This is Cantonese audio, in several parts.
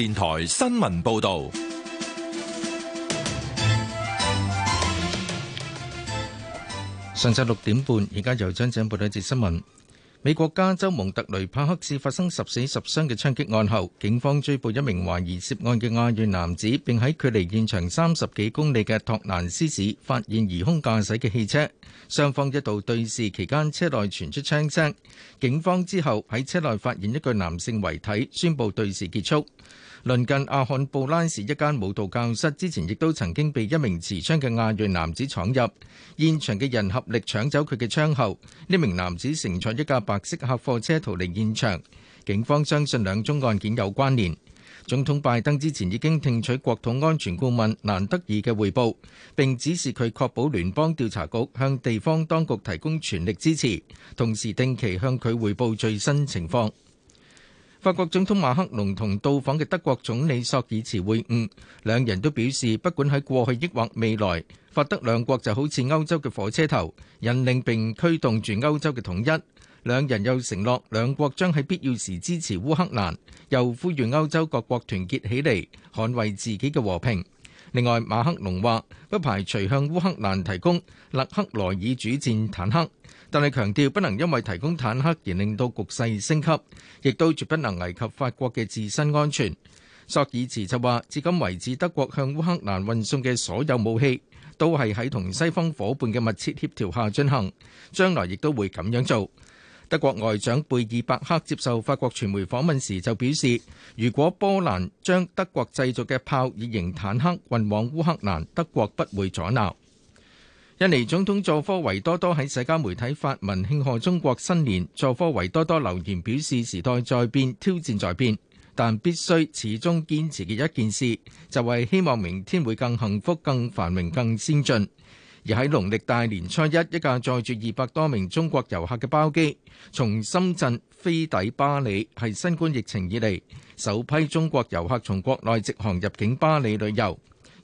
電台新聞報道：上晝六點半，而家由張靜報道一節新聞。美國加州蒙特雷帕克市發生十死十傷嘅槍擊案後，警方追捕一名懷疑涉案嘅亞裔男子，並喺距離現場三十幾公里嘅托蘭斯市發現疑凶駕駛嘅汽車。雙方一度對峙期間，車內傳出槍聲，聲。警方之後喺車內發現一具男性遺體，宣布對峙結束。鄰近阿漢布拉市一間舞蹈教室，之前亦都曾經被一名持槍嘅亞裔男子闖入，現場嘅人合力搶走佢嘅槍後，呢名男子乘坐一架白色客貨車逃離現場。警方相信兩宗案件有關聯。總統拜登之前已經聽取國土安全顧問蘭德爾嘅匯報，並指示佢確保聯邦調查局向地方當局提供全力支持，同時定期向佢匯報最新情況。法國總統馬克龍同到訪嘅德國總理朔爾茨會晤，兩人都表示，不管喺過去抑或未來，法德兩國就好似歐洲嘅火車頭，引領並驅動住歐洲嘅統一。兩人又承諾兩國將喺必要時支持烏克蘭，又呼籲歐洲各國團結起嚟，捍衛自己嘅和平。另外，馬克龍話不排除向烏克蘭提供勒克萊爾主戰坦克。但係強調不能因為提供坦克而令到局勢升級，亦都絕不能危及法國嘅自身安全。索爾茨就話，至今維持至今為止德國向烏克蘭運送嘅所有武器，都係喺同西方夥伴嘅密切協調下進行，將來亦都會咁樣做。德國外長貝爾伯克接受法國傳媒訪問時就表示，如果波蘭將德國製造嘅炮以型坦克運往烏克蘭，德國不會阻撓。印尼總統佐科維多多喺社交媒體發文慶賀中國新年。佐科維多多留言表示：時代在變，挑戰在變，但必須始終堅持嘅一件事，就係、是、希望明天會更幸福、更繁榮、更先進。而喺農曆大年初一，一架載住二百多名中國遊客嘅包機，從深圳飛抵巴里，係新冠疫情以嚟首批中國遊客從國內直航入境巴里旅遊。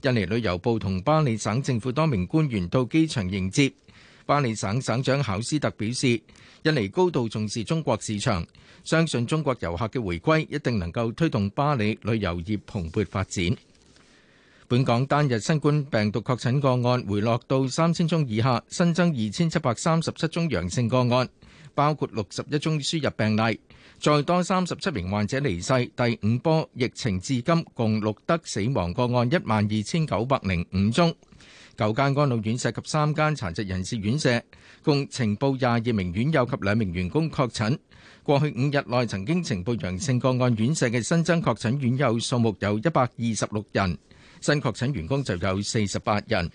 印尼旅遊部同巴里省政府多名官員到機場迎接。巴里省省長考斯特表示，印尼高度重視中國市場，相信中國遊客嘅回歸一定能夠推動巴里旅遊業蓬勃發展。本港單日新冠病毒確診個案回落到三千宗以下，新增二千七百三十七宗陽性個案，包括六十一宗輸入病例。再多三十七名患者離世，第五波疫情至今共錄得死亡個案一萬二千九百零五宗。九間安老院舍及三間殘疾人士院舍共呈報廿二名院友及兩名員工確診。過去五日內曾經呈報陽性個案院舍嘅新增確診院友數目有一百二十六人，新確診員工就有四十八人。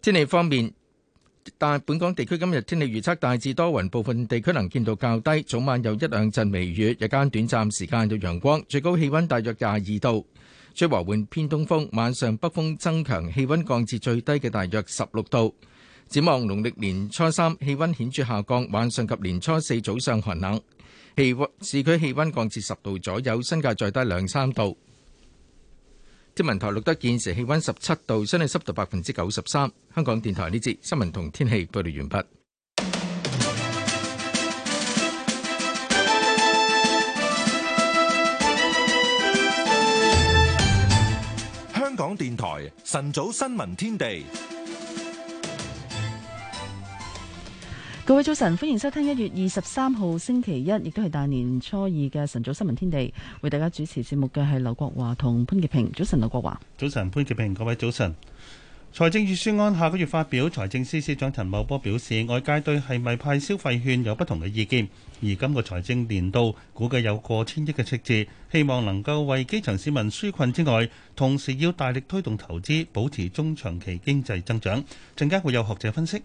天氣方面。但本港地區今日天氣預測，大致多雲，部分地區能見度較低，早晚有一兩陣微雨，日間短暫時間有陽光，最高氣溫大約廿二度。吹和緩偏東風，晚上北風增強，氣溫降至最低嘅大約十六度。展望農曆年初三，氣溫顯著下降，晚上及年初四早上寒冷，氣溫市區氣溫降至十度左右，新界再低兩三度。天文台錄得現時氣溫十七度，相對濕度百分之九十三。香港電台呢節新聞同天氣報道完畢。香港電台晨早新聞天地。各位早晨，歡迎收聽一月二十三號星期一，亦都係大年初二嘅晨早新聞天地。為大家主持節目嘅係劉國華同潘潔平。早晨，劉國華。早晨，潘潔平。各位早晨。財政預算案下個月發表，財政司司長陳茂波表示，外界對係咪派消費券有不同嘅意見。而今個財政年度估計有過千億嘅赤字，希望能夠為基層市民紓困之外，同時要大力推動投資，保持中長期經濟增長。陣間會有學者分析。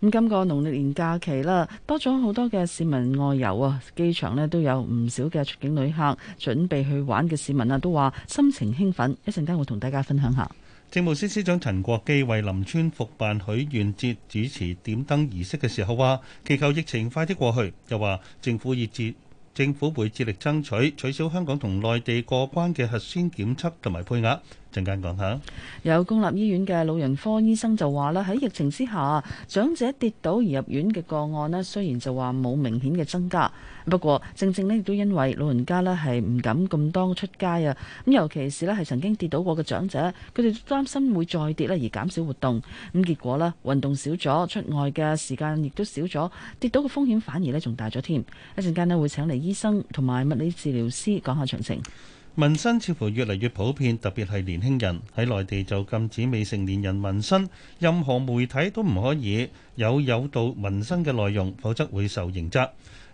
咁今個農曆年假期啦，多咗好多嘅市民外遊啊，機場咧都有唔少嘅出境旅客準備去玩嘅市民啊，都話心情興奮。一陣間會同大家分享下。政務司司長陳國基為林村復辦許願節主持點燈儀式嘅時候話，祈求疫情快啲過去，又話政府熱切。政府會致力爭取取消香港同內地過關嘅核酸檢測同埋配額。陣間講下，有公立醫院嘅老人科醫生就話啦，喺疫情之下，長者跌倒而入院嘅個案呢，雖然就話冇明顯嘅增加。不過，正正呢，亦都因為老人家呢，係唔敢咁多出街啊！咁尤其是呢，係曾經跌倒過嘅長者，佢哋都擔心會再跌呢而減少活動。咁結果呢，運動少咗，出外嘅時間亦都少咗，跌倒嘅風險反而呢，仲大咗添。一陣間呢，會請嚟醫生同埋物理治療師講下詳情。紋身似乎越嚟越普遍，特別係年輕人喺內地就禁止未成年人紋身，任何媒體都唔可以有誘導紋身嘅內容，否則會受刑責。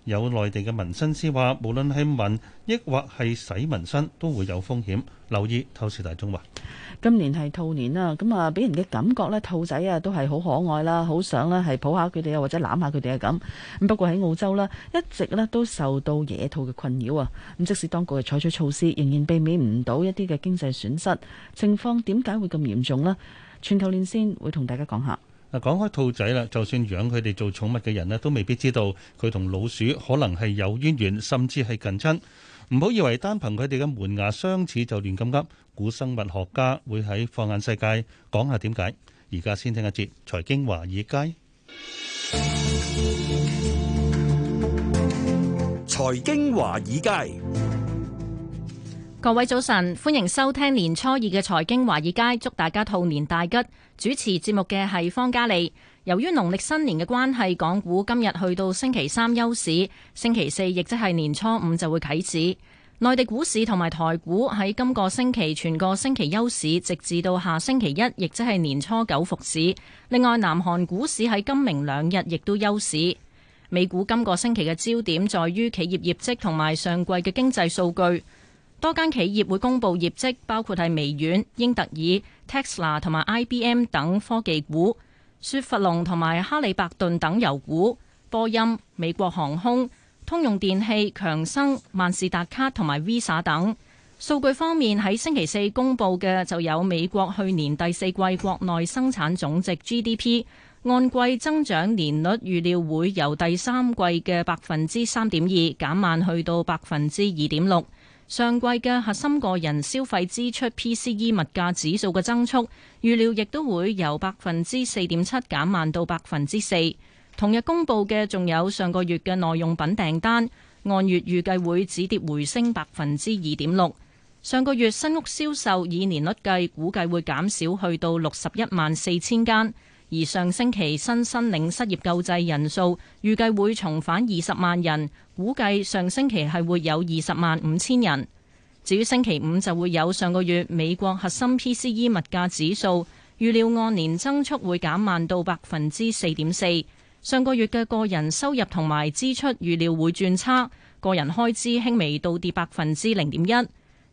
有內地嘅紋身師話，無論係紋抑或係洗紋身，都會有風險。留意透視大中華，今年係兔年啦，咁啊，俾人嘅感覺呢，兔仔啊都係好可愛啦，好想呢係抱下佢哋啊，或者攬下佢哋啊咁。咁不過喺澳洲咧，一直咧都受到野兔嘅困擾啊。咁即使當局係採取措施，仍然避免唔到一啲嘅經濟損失。情況點解會咁嚴重呢？全球連線會同大家講下。嗱，講開兔仔啦，就算養佢哋做寵物嘅人咧，都未必知道佢同老鼠可能係有淵源，甚至係近親。唔好以為單憑佢哋嘅門牙相似就亂咁噏。古生物學家會喺放眼世界講下點解。而家先聽一節財經華爾街。財經華爾街。各位早晨，歡迎收聽年初二嘅財經華爾街，祝大家兔年大吉。主持節目嘅係方嘉利。由於農曆新年嘅關係，港股今日去到星期三休市，星期四亦即係年初五就會啟市。內地股市同埋台股喺今個星期全個星期休市，直至到下星期一，亦即係年初九復市。另外，南韓股市喺今明兩日亦都休市。美股今個星期嘅焦點在於企業業績同埋上季嘅經濟數據。多間企業會公佈業績，包括係微軟、英特爾、Tesla 同埋 IBM 等科技股，雪佛龍同埋哈利伯頓等油股，波音、美國航空、通用電器、強生、萬事達卡同埋 Visa 等。數據方面喺星期四公佈嘅就有美國去年第四季國內生產總值 GDP 按季增長年率，預料會由第三季嘅百分之三點二減慢去到百分之二點六。上季嘅核心個人消費支出 PCE 物價指數嘅增速預料亦都會由百分之四點七減慢到百分之四。同日公佈嘅仲有上個月嘅耐用品訂單，按月預計會止跌回升百分之二點六。上個月新屋銷售以年率計，估計會減少去到六十一萬四千間。而上星期新申領失業救濟人數預計會重返二十萬人，估計上星期係會有二十萬五千人。至於星期五就會有上個月美國核心 PCE 物價指數，預料按年增速會減慢到百分之四點四。上個月嘅個人收入同埋支出預料會轉差，個人開支輕微倒跌百分之零點一。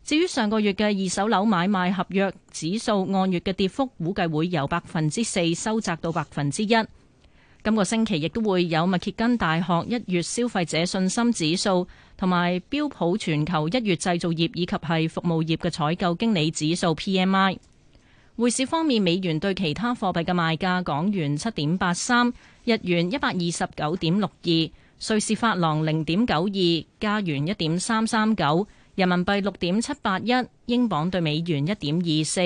至於上個月嘅二手樓買賣合約指數按月嘅跌幅估計會由百分之四收窄到百分之一。今個星期亦都會有密歇根大學一月消費者信心指數，同埋標普全球一月製造業以及係服務業嘅採購經理指數 PMI。匯市方面，美元對其他貨幣嘅賣價，港元七點八三，日元一百二十九點六二，瑞士法郎零點九二，加元一點三三九。人民幣六點七八一，英鎊對美元一點二四，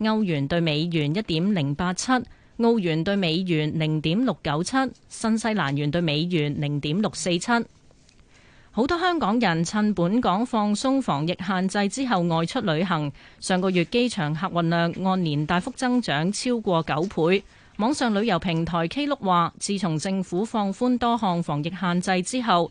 歐元對美元一點零八七，澳元對美元零點六九七，新西蘭元對美元零點六四七。好多香港人趁本港放鬆防疫限制之後外出旅行，上個月機場客運量按年大幅增長超過九倍。網上旅遊平台 Klook 話，自從政府放寬多項防疫限制之後，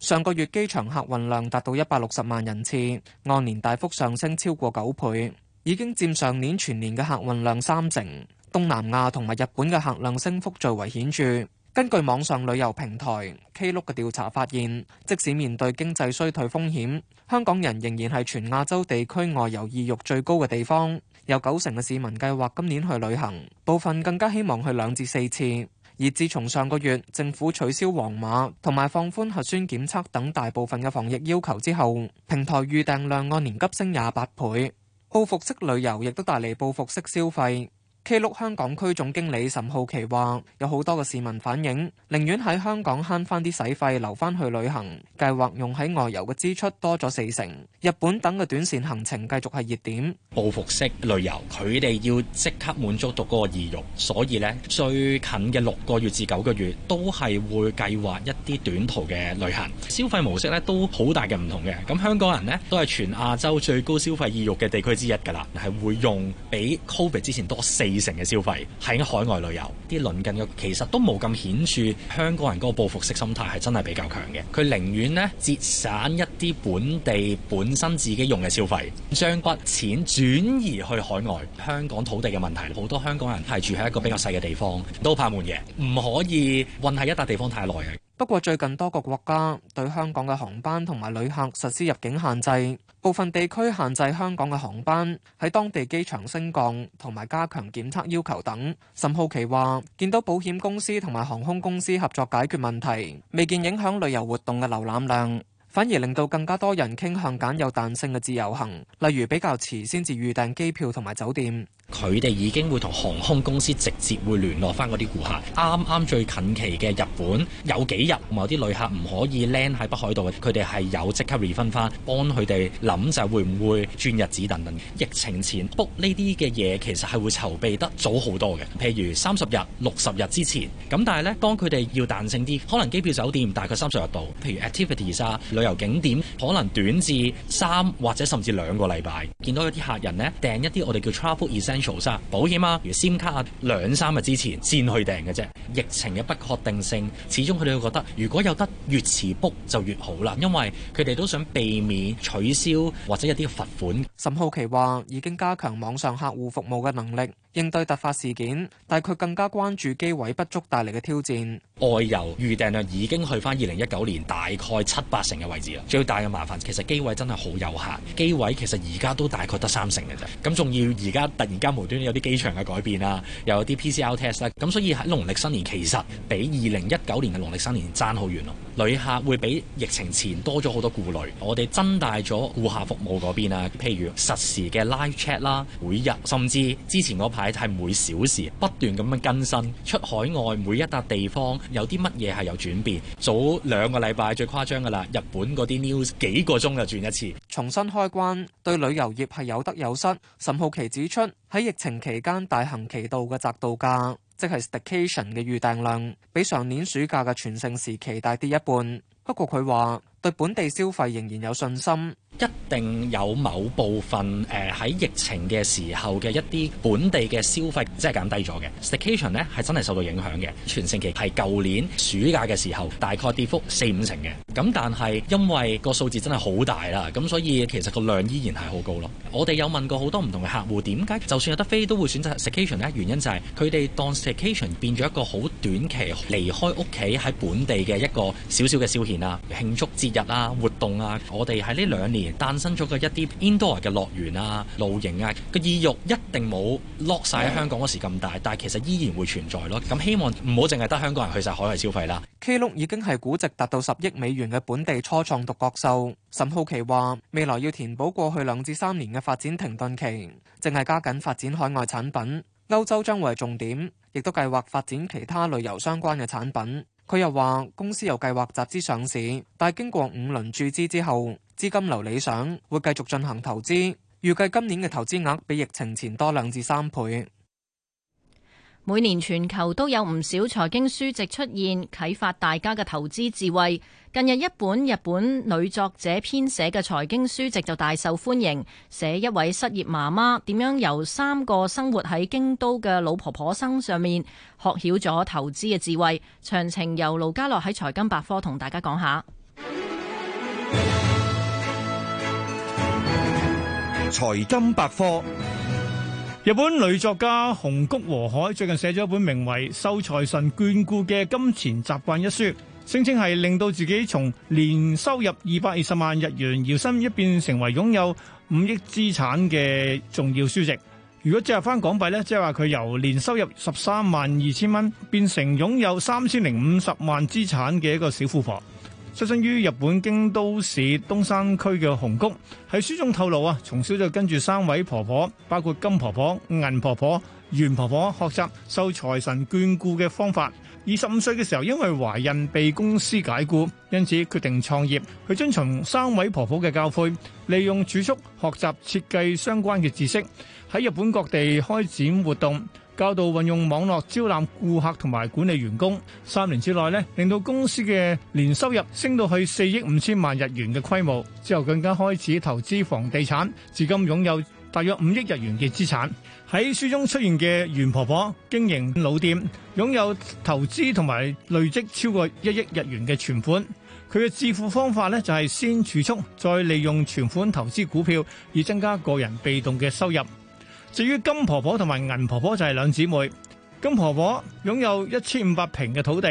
上個月機場客運量達到一百六十萬人次，按年大幅上升超過九倍，已經佔上年全年嘅客運量三成。東南亞同埋日本嘅客量升幅最為顯著。根據網上旅遊平台 Klook 嘅調查發現，即使面對經濟衰退風險，香港人仍然係全亞洲地區外遊意欲最高嘅地方，有九成嘅市民計劃今年去旅行，部分更加希望去兩至四次。而自從上個月政府取消黃碼同埋放寬核酸檢測等大部分嘅防疫要求之後，平台預訂量按年急升廿八倍，報復式旅遊亦都帶嚟報復式消費。K 六香港區總經理岑浩奇話：有好多嘅市民反映，寧願喺香港慳翻啲使費，留翻去旅行，計劃用喺外遊嘅支出多咗四成。日本等嘅短綫行程繼續係熱點。報復式旅遊，佢哋要即刻滿足到嗰個意欲，所以呢，最近嘅六個月至九個月都係會計劃一啲短途嘅旅行。消費模式呢都好大嘅唔同嘅。咁香港人呢都係全亞洲最高消費意欲嘅地區之一噶啦，係會用比 Covid 之前多四二成嘅消費喺海外旅遊，啲鄰近嘅其實都冇咁顯著，香港人嗰個報復式心態係真係比較強嘅。佢寧願呢節省一啲本地本身自己用嘅消費，將筆錢轉移去海外。香港土地嘅問題，好多香港人係住喺一個比較細嘅地方，都怕悶嘅，唔可以混喺一笪地方太耐嘅。不過最近多個國家對香港嘅航班同埋旅客實施入境限制，部分地區限制香港嘅航班喺當地機場升降同埋加強檢測要求等。沈浩奇話：見到保險公司同埋航空公司合作解決問題，未見影響旅遊活動嘅瀏覽量，反而令到更加多人傾向揀有彈性嘅自由行，例如比較遲先至預訂機票同埋酒店。佢哋已經會同航空公司直接會聯絡翻嗰啲顧客。啱啱最近期嘅日本有幾日，某啲旅客唔可以 land 喺北海道嘅，佢哋係有即刻 refund 翻，幫佢哋諗就係會唔會轉日子等等。疫情前 book 呢啲嘅嘢其實係會籌備得早好多嘅，譬如三十日、六十日之前。咁但係呢，當佢哋要彈性啲，可能機票、酒店大概三十日度，譬如 activities 啊、旅遊景點，可能短至三或者甚至兩個禮拜。見到有啲客人呢，訂一啲我哋叫 travel extension 保險啊，如先卡兩三日之前先去訂嘅啫。疫情嘅不確定性，始終佢哋會覺得如果有得越遲 book 就越好啦，因為佢哋都想避免取消或者一啲罰款。沈浩奇話：已經加強網上客戶服務嘅能力，應對突發事件，但佢更加關注機位不足帶嚟嘅挑戰。外遊預訂量已經去翻二零一九年大概七八成嘅位置啦。最大嘅麻煩其實機位真係好有限，機位其實而家都大概得三成嘅啫。咁仲要而家突然間無端有啲機場嘅改變啦，又有啲 PCL test 啦。咁所以喺農曆新年其實比二零一九年嘅農曆新年爭好遠咯。旅客會比疫情前多咗好多顧慮，我哋增大咗顧客服務嗰邊啊，譬如實時嘅 live chat 啦，每日甚至之前嗰排係每小時不斷咁樣更新，出海外每一笪地方有啲乜嘢係有轉變，早兩個禮拜最誇張㗎啦，日本嗰啲 news 幾個鐘就轉一次。重新開關對旅遊業係有得有失。沈浩其指出喺疫情期間大行其道嘅宅度假。即係 station 嘅預訂量，比上年暑假嘅全盛時期大跌一半。不過佢話對本地消費仍然有信心。一定有某部分誒喺、呃、疫情嘅時候嘅一啲本地嘅消費，即係減低咗嘅 Staycation 呢係真係受到影響嘅，全盛期係舊年暑假嘅時候，大概跌幅四五成嘅。咁但係因為個數字真係好大啦，咁所以其實個量依然係好高咯。我哋有問過好多唔同嘅客戶，點解就算有得飛都會選擇 Staycation 呢？原因就係佢哋當 Staycation 變咗一個好短期離開屋企喺本地嘅一個少少嘅消遣啊，慶祝節日啊，活動啊。我哋喺呢兩年。誕生咗嘅一啲 indoor 嘅樂園啊、露營啊，個意欲一定冇落晒喺香港嗰時咁大，但係其實依然會存在咯。咁希望唔好淨係得香港人去晒海外消費啦。Klook 已經係估值達到十億美元嘅本地初創獨角獸，沈浩奇話：未來要填補過去兩至三年嘅發展停頓期，淨係加緊發展海外產品，歐洲將會係重點，亦都計劃發展其他旅遊相關嘅產品。佢又話：公司有計劃集資上市，但經過五輪注資之後，資金流理想，會繼續進行投資。預計今年嘅投資額比疫情前多兩至三倍。每年全球都有唔少財經書籍出現，啟發大家嘅投資智慧。近日一本日本女作者編寫嘅財經書籍就大受歡迎，寫一位失業媽媽點樣由三個生活喺京都嘅老婆婆身上面學曉咗投資嘅智慧。詳情由盧家樂喺財金百科同大家講下。財金百科。日本女作家紅谷和海最近寫咗一本名為《受財神眷顧嘅金錢習慣》一書，聲稱係令到自己從年收入二百二十萬日元搖身一變成為擁有五億資產嘅重要書籍。如果折合翻港幣呢，即係話佢由年收入十三萬二千蚊變成擁有三千零五十萬資產嘅一個小富婆。出生於日本京都市東山區嘅紅谷喺書中透露啊，從小就跟住三位婆婆，包括金婆婆、銀婆婆、袁婆婆學習受財神眷顧嘅方法。二十五歲嘅時候，因為懷孕被公司解雇，因此決定創業。佢遵從三位婆婆嘅教誨，利用儲蓄學習設計相關嘅知識，喺日本各地開展活動。教導運用網絡招攬顧客同埋管理員工，三年之內呢，令到公司嘅年收入升到去四億五千萬日元嘅規模，之後更加開始投資房地產，至今擁有大約五億日元嘅資產。喺書中出現嘅袁婆婆經營老店，擁有投資同埋累積超過一億日元嘅存款，佢嘅致富方法呢，就係先儲蓄，再利用存款投資股票，以增加個人被動嘅收入。至於金婆婆同埋銀婆婆就係兩姊妹，金婆婆擁有一千五百平嘅土地，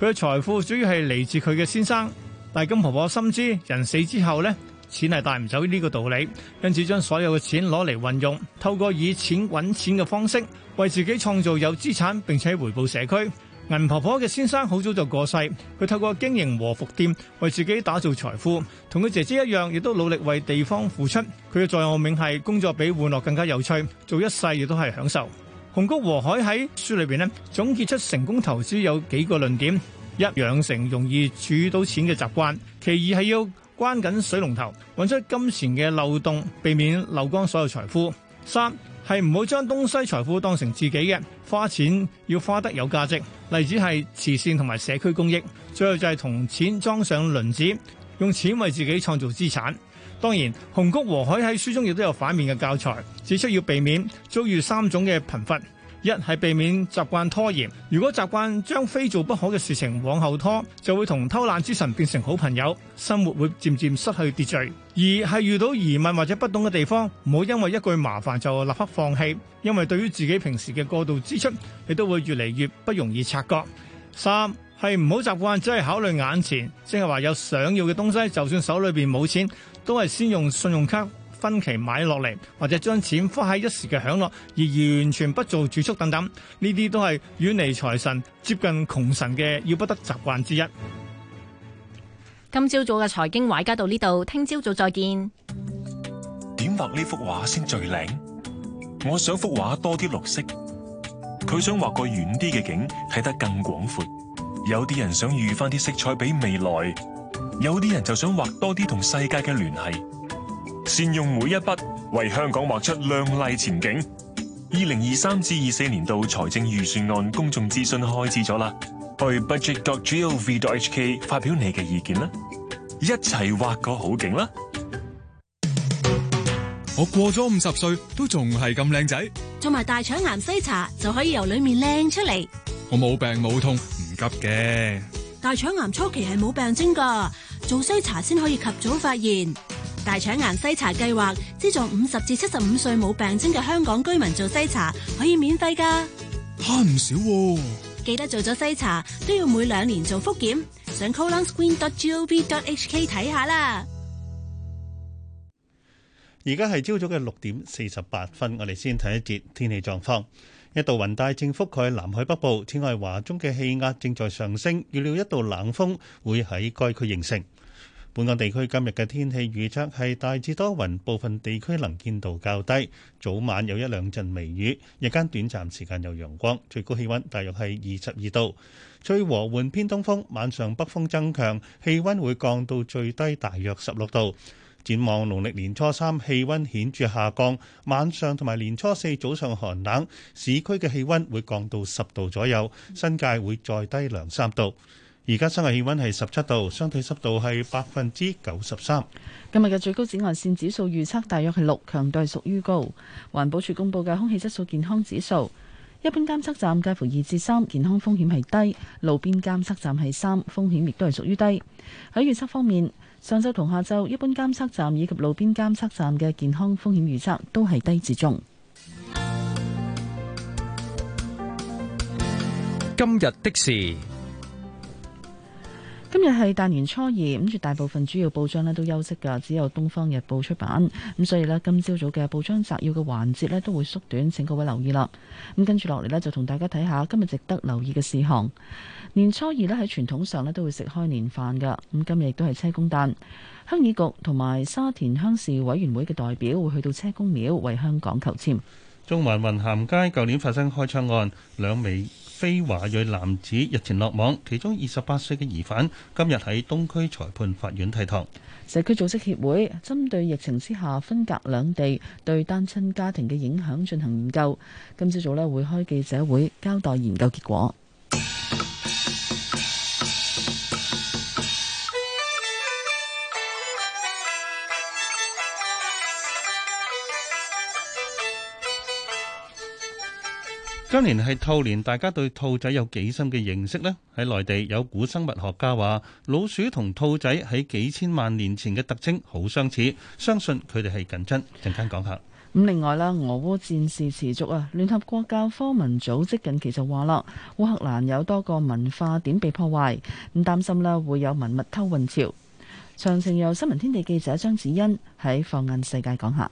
佢嘅財富主要係嚟自佢嘅先生，但係金婆婆深知人死之後呢，錢係帶唔走呢個道理，因此將所有嘅錢攞嚟運用，透過以錢揾錢嘅方式，為自己創造有資產，並且回報社區。銀婆婆嘅先生好早就過世，佢透過經營和服店為自己打造財富，同佢姐姐一樣，亦都努力為地方付出。佢嘅座右銘係工作比玩樂更加有趣，做一世亦都係享受。紅谷和海喺書裏邊咧總結出成功投資有幾個論點：一、養成容易儲到錢嘅習慣；其二係要關緊水龍頭，揾出金錢嘅漏洞，避免漏光所有財富。三係唔好將東西財富當成自己嘅，花錢要花得有價值。例子係慈善同埋社區公益。最後就係同錢裝上輪子，用錢為自己創造資產。當然，紅谷和海喺書中亦都有反面嘅教材，只需要避免遭遇三種嘅貧乏。一係避免習慣拖延，如果習慣將非做不可嘅事情往後拖，就會同偷懶之神變成好朋友，生活會漸漸失去秩序。二係遇到疑問或者不懂嘅地方，唔好因為一句麻煩就立刻放棄，因為對於自己平時嘅過度支出，你都會越嚟越不容易察覺。三係唔好習慣只係考慮眼前，即係話有想要嘅東西，就算手裏邊冇錢，都係先用信用卡。分期買落嚟，或者將錢花喺一時嘅享樂，而完全不做儲蓄等等，呢啲都係遠離財神，接近窮神嘅要不得習慣之一。今朝早嘅財經話家到呢度，聽朝早再見。點畫呢幅畫先最靚？我想幅畫多啲綠色。佢想畫個遠啲嘅景，睇得更廣闊。有啲人想預翻啲色彩俾未來，有啲人就想畫多啲同世界嘅聯繫。善用每一筆，為香港畫出亮麗前景。二零二三至二四年度財政預算案公眾諮詢開始咗啦，去 budget.gov.hk 發表你嘅意見啦，一齊畫個好景啦！我過咗五十歲都仲係咁靚仔，做埋大腸癌篩查就可以由裏面靚出嚟。我冇病冇痛，唔急嘅。大腸癌初期係冇病徵噶，做篩查先可以及早發現。大腸癌篩查計劃資助五十至七十五歲冇病徵嘅香港居民做篩查，可以免費噶，慳唔少喎，啊，哦。記得做咗篩查都要每兩年做複檢，上 colonscreen.gov.hk 睇下啦。而家係朝早嘅六點四十八分，我哋先睇一節天氣狀況。一道雲帶正覆蓋南海北部，此外華中嘅氣壓正在上升，預料一道冷鋒會喺該區形成。本港地區今日嘅天氣預測係大致多雲，部分地區能見度較低，早晚有一兩陣微雨，日間短暫時間有陽光，最高氣溫大約係二十二度，吹和緩偏東風，晚上北風增強，氣溫會降到最低大約十六度。展望農曆年初三氣溫顯著下降，晚上同埋年初四早上寒冷，市區嘅氣溫會降到十度左右，新界會再低兩三度。而家室外氣溫係十七度，相對濕度係百分之九十三。今日嘅最高紫外線指數預測大約係六，強度係屬於高。環保署公布嘅空氣質素健康指數，一般監測站介乎二至三，健康風險係低；路邊監測站係三，風險亦都係屬於低。喺預測方面，上晝同下晝一般監測站以及路邊監測站嘅健康風險預測都係低至中。今日的事。今日係大年初二，咁住大部分主要報章呢都休息噶，只有《東方日報》出版，咁所以呢，今朝早嘅報章摘要嘅環節呢都會縮短，請各位留意啦。咁跟住落嚟呢，就同大家睇下今日值得留意嘅事項。年初二呢，喺傳統上呢都會食開年飯噶，咁今日亦都係車公誕，鄉議局同埋沙田鄉事委員會嘅代表會去到車公廟為香港求籤。中環雲咸街舊年發生開槍案，兩美非華裔男子日前落網，其中二十八歲嘅疑犯今日喺東區裁判法院提堂。社區組織協會針對疫情之下分隔兩地對單親家庭嘅影響進行研究，今朝早呢會開記者會交代研究結果。今年係兔年，大家對兔仔有幾深嘅認識呢？喺內地有古生物學家話，老鼠同兔仔喺幾千萬年前嘅特徵好相似，相信佢哋係近親。陣間講下。咁另外啦，俄烏戰事持續啊，聯合國教科文組織近期就話啦，烏克蘭有多個文化點被破壞，唔擔心啦會有文物偷運潮。詳情由新聞天地記者張子欣喺放眼世界講下。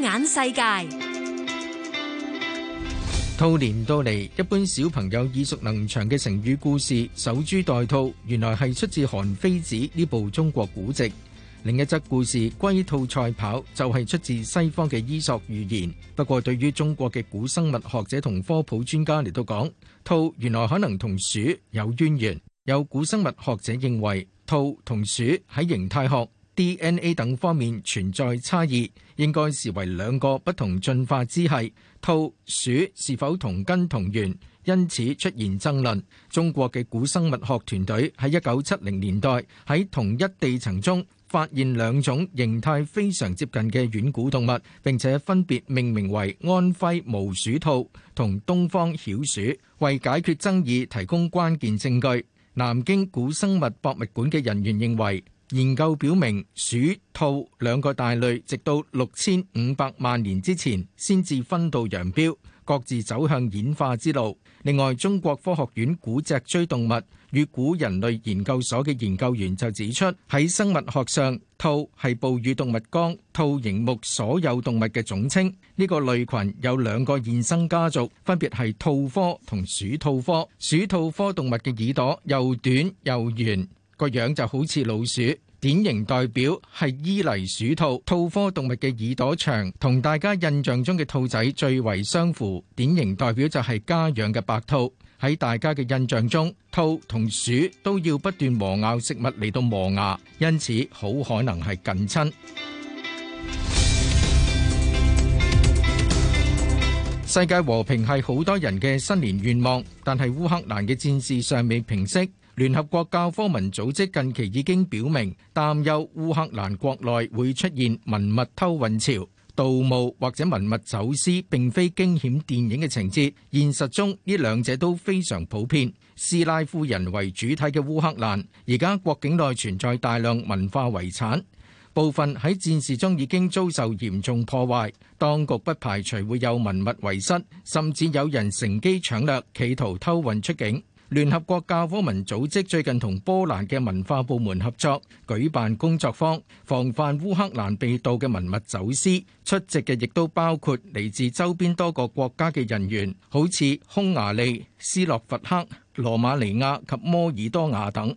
眼世界，兔年到嚟，一般小朋友耳熟能詳嘅成語故事“守株待兔”，原來係出自《韓非子》呢部中國古籍。另一則故事“龜兔賽跑”就係、是、出自西方嘅伊索寓言。不過，對於中國嘅古生物學者同科普專家嚟到講，兔原來可能同鼠有淵源，源。有古生物學者認為，兔同鼠喺形態學、D N A 等方面存在差異。應該視為兩個不同進化支系，兔鼠是否同根同源，因此出現爭論。中國嘅古生物學團隊喺一九七零年代喺同一地層中發現兩種形態非常接近嘅遠古動物，並且分別命名為安徽毛鼠兔同東方曉鼠，為解決爭議提供關鍵證據。南京古生物博物館嘅人員認為。研究表明，鼠兔兩個大類直到六千五百萬年之前先至分道揚鑣，各自走向演化之路。另外，中國科學院古脊椎動物與古人類研究所嘅研究員就指出，喺生物學上，兔係哺乳動物綱兔形目所有動物嘅總稱，呢個類群有兩個現生家族，分別係兔科同鼠兔科。鼠兔科動物嘅耳朵又短又圓。個樣就好似老鼠，典型代表係伊犁鼠兔，兔科動物嘅耳朵長，同大家印象中嘅兔仔最為相符。典型代表就係家養嘅白兔。喺大家嘅印象中，兔同鼠都要不斷磨咬食物嚟到磨牙，因此好可能係近親。世界和平係好多人嘅新年願望，但係烏克蘭嘅戰事尚未平息。聯合國教科文組織近期已經表明擔憂烏克蘭國內會出現文物偷運潮、盜墓或者文物走私，並非驚險電影嘅情節。現實中，呢兩者都非常普遍。斯拉夫人為主體嘅烏克蘭，而家國境內存在大量文化遺產，部分喺戰事中已經遭受嚴重破壞。當局不排除會有文物遺失，甚至有人乘機搶掠，企圖偷運出境。聯合國教科文組織最近同波蘭嘅文化部門合作，舉辦工作坊，防範烏克蘭被盜嘅文物走私。出席嘅亦都包括嚟自周邊多個國家嘅人員，好似匈牙利、斯洛伐克、羅馬尼亞及摩爾多瓦等。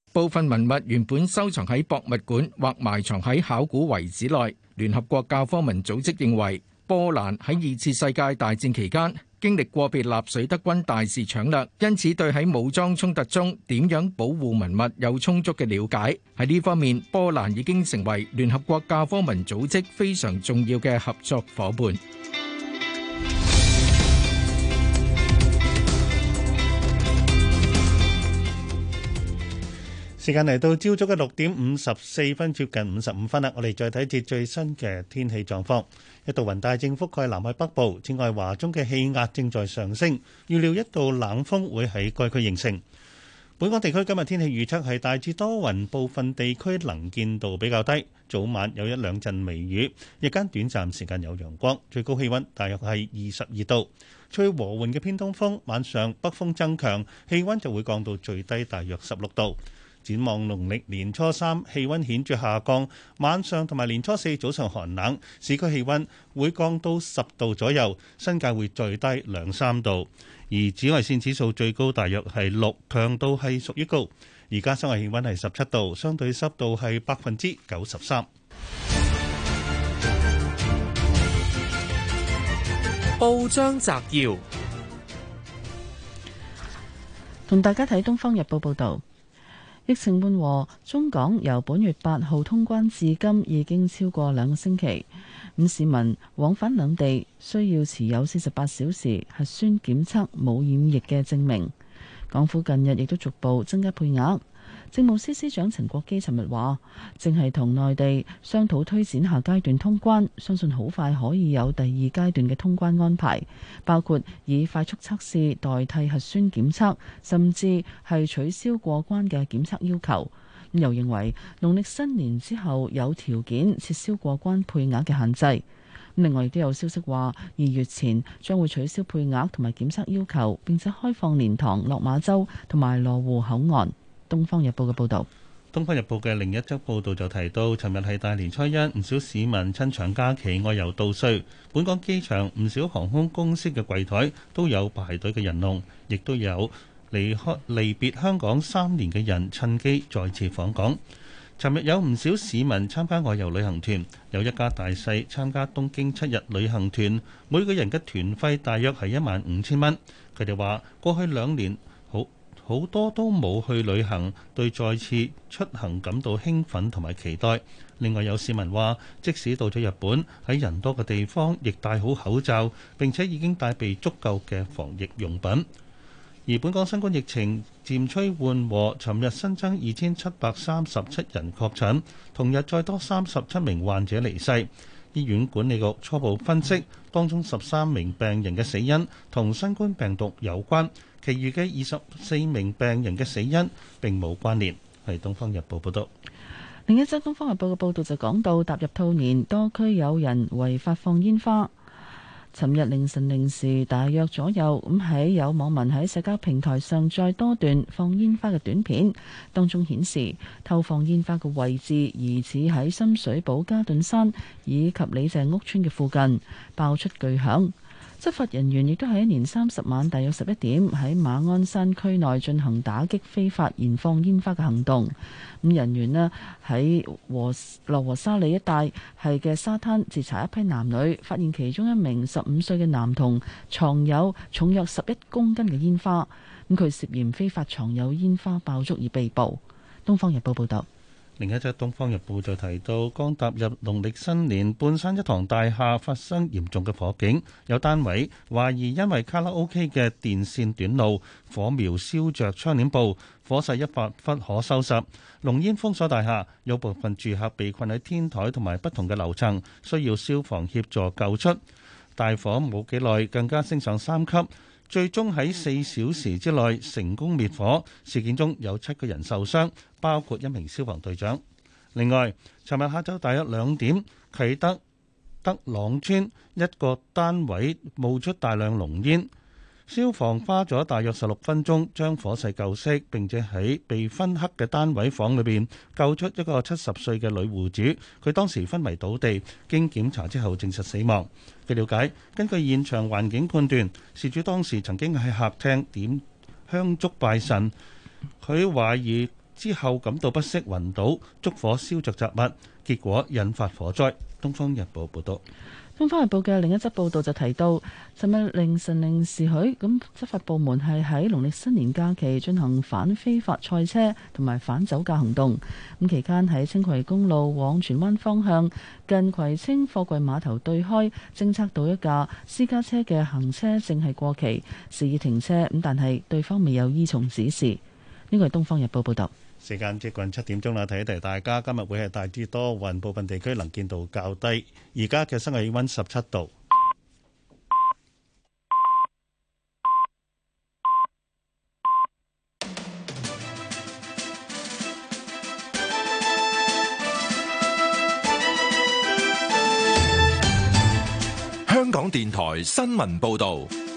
部分文物原本收藏喺博物館或埋藏喺考古遺址內。聯合國教科文組織認為，波蘭喺二次世界大戰期間經歷過被納粹德軍大肆搶掠，因此對喺武裝衝突中點樣保護文物有充足嘅了解。喺呢方面，波蘭已經成為聯合國教科文組織非常重要嘅合作伙伴。時間嚟到朝早嘅六點五十四分，接近五十五分啦。我哋再睇一節最新嘅天氣狀況。一道雲帶正覆蓋南海北部，此外華中嘅氣壓正在上升，預料一道冷鋒會喺該區形成。本港地區今日天氣預測係大致多雲，部分地區能見度比較低。早晚有一兩陣微雨，日間短暫時間有陽光，最高氣溫大約係二十二度，吹和緩嘅偏東風。晚上北風增強，氣溫就會降到最低大約十六度。展望農曆年初三，氣溫顯著下降，晚上同埋年初四早上寒冷，市區氣溫會降到十度左右，新界會最低兩三度。而紫外線指數最高大約係六，強度係屬於高。而家室外氣溫係十七度，相對濕度係百分之九十三。報章摘要，同大家睇《東方日報》報道。疫情緩和，中港由本月八號通關至今已經超過兩個星期。咁市民往返兩地需要持有四十八小時核酸檢測冇染疫嘅證明。港府近日亦都逐步增加配額。政務司司長陳國基尋日話，正係同內地商討推展下階段通關，相信好快可以有第二階段嘅通關安排，包括以快速測試代替核酸檢測，甚至係取消過關嘅檢測要求。又認為農曆新年之後有條件撤銷過關配額嘅限制。另外亦都有消息話，二月前將會取消配額同埋檢測要求，並且開放蓮塘、落馬洲同埋羅湖口岸。《東方日報》嘅報導，《東方日報》嘅另一則報導就提到，尋日係大年初一，唔少市民趁長假期外遊度歲。本港機場唔少航空公司嘅櫃枱都有排隊嘅人龍，亦都有離開離別香港三年嘅人趁機再次訪港。尋日有唔少市民參加外遊旅行團，有一家大細參加東京七日旅行團，每個人嘅團費大約係一萬五千蚊。佢哋話，過去兩年好多都冇去旅行，對再次出行感到興奮同埋期待。另外有市民話，即使到咗日本，喺人多嘅地方亦戴好口罩，並且已經帶備足夠嘅防疫用品。而本港新冠疫情漸趨緩和，尋日新增二千七百三十七人確診，同日再多三十七名患者離世。醫院管理局初步分析，當中十三名病人嘅死因同新冠病毒有關，其餘嘅二十四名病人嘅死因並冇關聯。係《東方日報》報道。另一則《東方日報》嘅報道就講到，踏入兔年，多區有人違法放煙花。尋日凌晨零時大約左右咁，喺有網民喺社交平台上載多段放煙花嘅短片，當中顯示偷放煙花嘅位置疑似喺深水埗嘉頓山以及李鄭屋村嘅附近，爆出巨響。執法人員亦都喺一年三十晚，大約十一點喺馬鞍山區內進行打擊非法燃放煙花嘅行動。咁人員咧喺和羅和沙里一帶係嘅沙灘截查一批男女，發現其中一名十五歲嘅男童藏有重約十一公斤嘅煙花，咁佢涉嫌非法藏有煙花爆竹而被捕。《東方日報》報道。另一隻《東方日報》就提到，剛踏入農曆新年，半山一堂大廈發生嚴重嘅火警，有單位懷疑因為卡拉 OK 嘅電線短路，火苗燒着窗簾布，火勢一發不可收拾，濃煙封鎖大廈，有部分住客被困喺天台同埋不同嘅樓層，需要消防協助救出，大火冇幾耐，更加升上三級。最終喺四小時之內成功滅火，事件中有七個人受傷，包括一名消防隊長。另外，尋日下晝大約兩點，啟德德朗村一個單位冒出大量濃煙。消防花咗大約十六分鐘將火勢救熄，並且喺被焚黑嘅單位房裏邊救出一個七十歲嘅女戶主，佢當時昏迷倒地，經檢查之後證實死亡。據了解，根據現場環境判斷，事主當時曾經喺客廳點香燭拜神，佢懷疑之後感到不適暈倒，燭火燒着雜物，結果引發火災。《東方日報》報道。《東方日報》嘅另一則報道就提到，尋日凌晨零時許，咁執法部門係喺農曆新年假期進行反非法賽車同埋反酒駕行動。咁期間喺青葵公路往荃灣方向近葵青貨櫃碼頭對開偵測到一架私家車嘅行車證係過期，示意停車咁，但係對方未有依從指示。呢個係《東方日報》報道。時間接近七點鐘啦，睇一睇大家今日會係大致多雲，部分地區能見度較低。而家嘅室外氣溫十七度。香港電台新聞報導。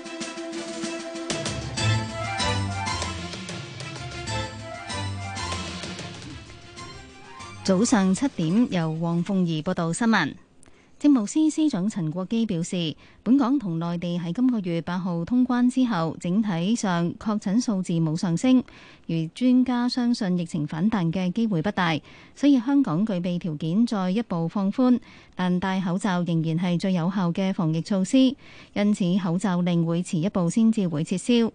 早上七點，由黃鳳儀報道新聞。政務司司長陳國基表示，本港同內地喺今個月八號通關之後，整體上確診數字冇上升，而專家相信疫情反彈嘅機會不大，所以香港具備條件再一步放寬。但戴口罩仍然係最有效嘅防疫措施，因此口罩令會遲一步先至會撤銷。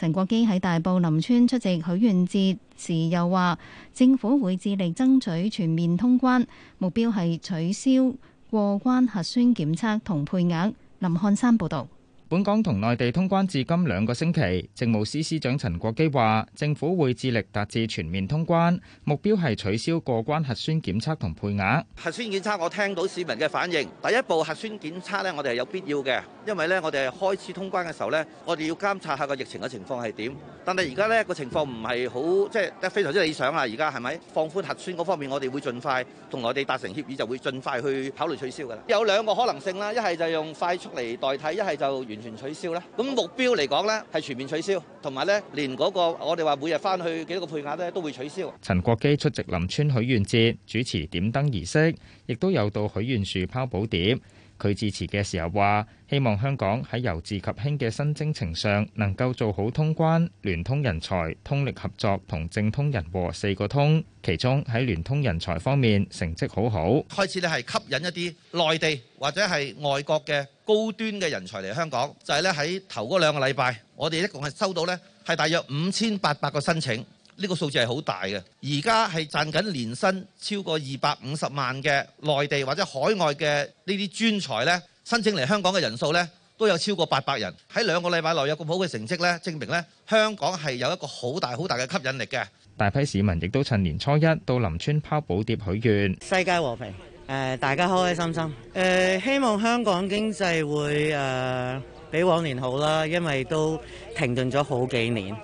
陳國基喺大埔林村出席許願節時又，又話政府會致力爭取全面通關，目標係取消過關核酸檢測同配額。林漢山報道。本港同內地通關至今兩個星期，政務司司長陳國基話：政府會致力達至全面通關，目標係取消過關核酸檢測同配額。核酸檢測，我聽到市民嘅反應，第一步核酸檢測呢，我哋係有必要嘅，因為呢，我哋係開始通關嘅時候呢，我哋要監察下個疫情嘅情況係點。但係而家呢個情況唔係好即係非常之理想啊！而家係咪放寬核酸嗰方面，我哋會盡快同我哋達成協議，就會盡快去考慮取消㗎啦。有兩個可能性啦，一係就用快速嚟代替，一係就完全取消啦。咁目標嚟講呢，係全面取消，同埋呢，連嗰個我哋話每日翻去幾多個配額呢，都會取消。陳國基出席林村許願節主持點燈儀式，亦都有到許願樹拋寶牒。佢致辭嘅時候話：希望香港喺由治及興嘅新征程上，能夠做好通關、聯通人才、通力合作同政通人和四個通。其中喺聯通人才方面成績好好，開始咧係吸引一啲內地或者係外國嘅高端嘅人才嚟香港，就係咧喺頭嗰兩個禮拜，我哋一共係收到呢係大約五千八百個申請。呢個數字係好大嘅，而家係賺緊年薪超過二百五十萬嘅內地或者海外嘅呢啲專才咧，申請嚟香港嘅人數咧都有超過八百人。喺兩個禮拜內有咁好嘅成績咧，證明咧香港係有一個好大好大嘅吸引力嘅。大批市民亦都趁年初一到林村拋寶牒許願，世界和平，誒、呃、大家開開心心，誒、呃、希望香港經濟會誒、呃、比往年好啦，因為都停頓咗好幾年。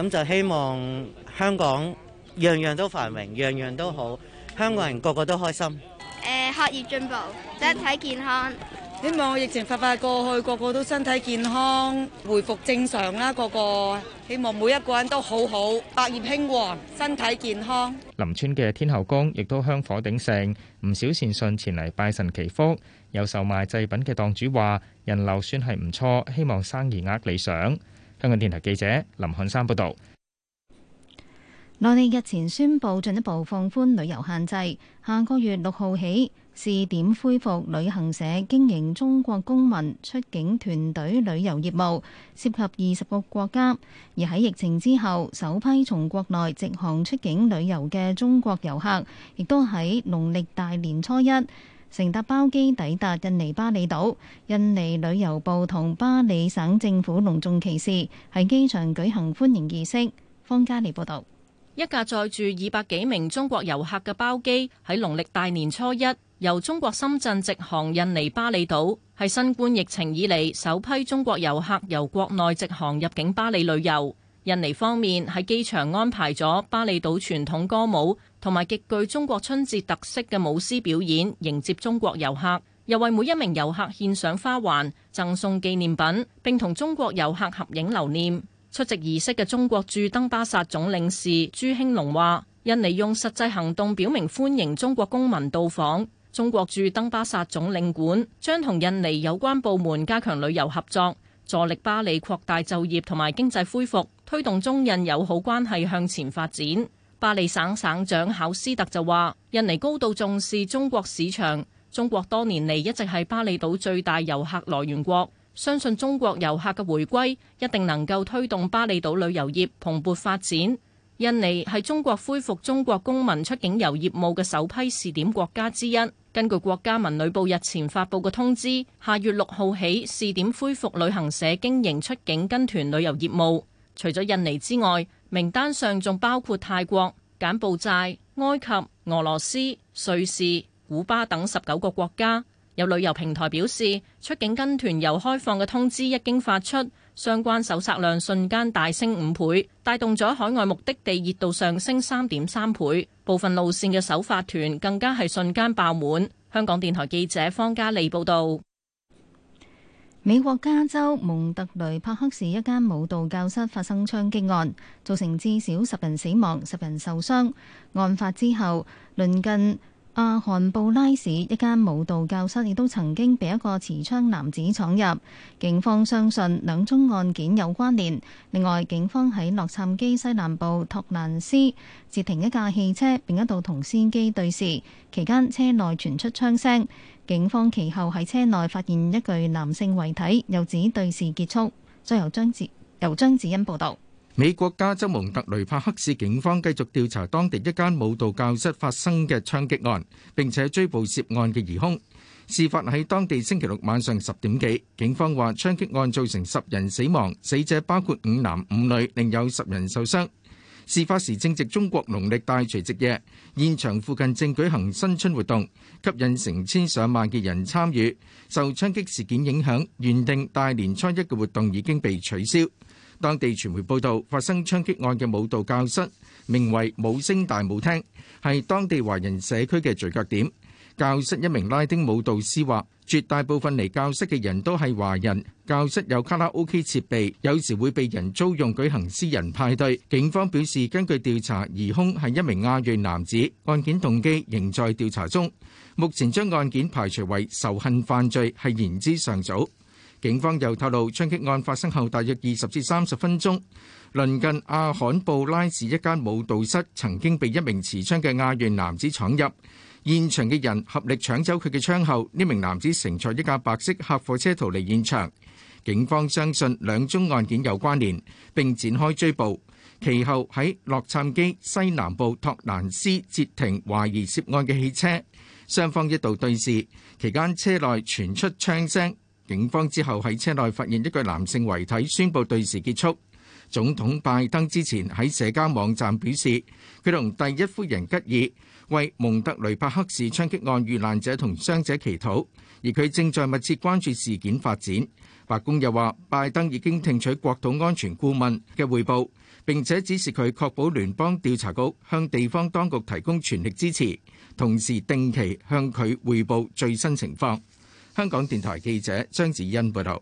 咁就希望香港樣樣都繁榮，樣樣都好，香港人個個都開心。誒，學業進步，身體健康。希望疫情快快過去，個個都身體健康，恢復正常啦。個個希望每一個人都好好，百業興旺，身體健康。林村嘅天后宮亦都香火鼎盛，唔少善信前嚟拜神祈福。有售賣祭品嘅檔主話：人流算係唔錯，希望生意額理想。香港電台記者林漢山報道，內地日前宣布進一步放寬旅遊限制，下個月六號起試點恢復旅行社經營中國公民出境團隊旅遊業務，涉及二十個國家。而喺疫情之後首批從國內直航出境旅遊嘅中國遊客，亦都喺農曆大年初一。乘搭包機抵達印尼巴厘島，印尼旅遊部同巴厘省政府隆重其事喺機場舉行歡迎儀式。方家妮報導，一架載住二百幾名中國遊客嘅包機喺農曆大年初一由中國深圳直航印尼巴厘島，係新冠疫情以嚟首批中國遊客由國內直航入境巴厘旅遊。印尼方面喺機場安排咗巴厘島傳統歌舞同埋極具中國春節特色嘅舞獅表演，迎接中國遊客，又為每一名遊客獻上花環、贈送紀念品，並同中國遊客合影留念。出席儀式嘅中國駐登巴薩總領事朱興龍話，印尼用實際行動表明歡迎中國公民到訪。中國駐登巴薩總領館將同印尼有關部門加強旅遊合作，助力巴厘擴大就業同埋經濟恢復。推動中印友好關係向前發展。巴厘省省，省長考斯特就話，印尼高度重視中國市場，中國多年嚟一直係巴厘島最大遊客來源國。相信中國遊客嘅回歸一定能夠推動巴厘島旅遊業蓬勃發展。印尼係中國恢復中國公民出境遊業務嘅首批試點國家之一。根據國家文旅部日前發布嘅通知，下月六號起試點恢復旅行社經營出境跟團旅遊業務。除咗印尼之外，名單上仲包括泰國、柬埔寨、埃及、俄羅斯、瑞士、古巴等十九個國家。有旅遊平台表示，出境跟團遊開放嘅通知一經發出，相關搜索量瞬間大升五倍，帶動咗海外目的地熱度上升三點三倍，部分路線嘅首發團更加係瞬間爆滿。香港電台記者方嘉莉報道。美國加州蒙特雷帕克市一間舞蹈教室發生槍擊案，造成至少十人死亡、十人受傷。案發之後，鄰近阿罕、啊、布拉市一間舞蹈教室亦都曾經被一個持槍男子闖入。警方相信兩宗案件有關聯。另外，警方喺洛杉磯西南部托蘭斯截停一架汽車，並一度同司機對峙，期間車內傳出槍聲。警方其後喺車內發現一具男性遺體，又指對事結束。再由張志由張子欣報道。美國加州蒙特雷帕克市警方繼續調查當地一間舞蹈教室發生嘅槍擊案，並且追捕涉案嘅疑兇。事發喺當地星期六晚上十點幾，警方話槍擊案造成十人死亡，死者包括五男五女，另有十人受傷。事發時正值中國農曆大除夕夜，現場附近正舉行新春活動，吸引成千上萬嘅人參與。受槍擊事件影響，原定大年初一嘅活動已經被取消。當地傳媒報道，發生槍擊案嘅舞蹈教室，名為舞星大舞廳，係當地華人社區嘅聚腳點。教室一名拉丁舞蹈師話，絕大部分嚟教室嘅人都係華人，教室有卡拉 OK 設備，有時會被人租用舉行私人派對。警方表示，根據調查，疑兇係一名亞裔男子，案件動機仍在調查中。目前將案件排除為仇恨犯罪係言之尚早。警方又透露，槍擊案發生後大約二十至三十分鐘，鄰近阿罕布拉市一間舞蹈室曾經被一名持槍嘅亞裔男子闖入。現場嘅人合力搶走佢嘅槍後，呢名男子乘坐一架白色客貨車逃離現場。警方相信兩宗案件有關聯，並展開追捕。其後喺洛杉磯西南部托蘭斯截停懷疑涉案嘅汽車，雙方一度對峙，期間車內傳出槍聲。警方之後喺車內發現一具男性遺體，宣布對峙結束。總統拜登之前喺社交網站表示，佢同第一夫人吉爾，為蒙特雷帕克市槍擊案遇難者同傷者祈禱，而佢正在密切關注事件發展。白宮又話，拜登已經聽取國土安全顧問嘅匯報，並且指示佢確保聯邦調查局向地方當局提供全力支持，同時定期向佢匯報最新情況。香港電台記者張子欣報道。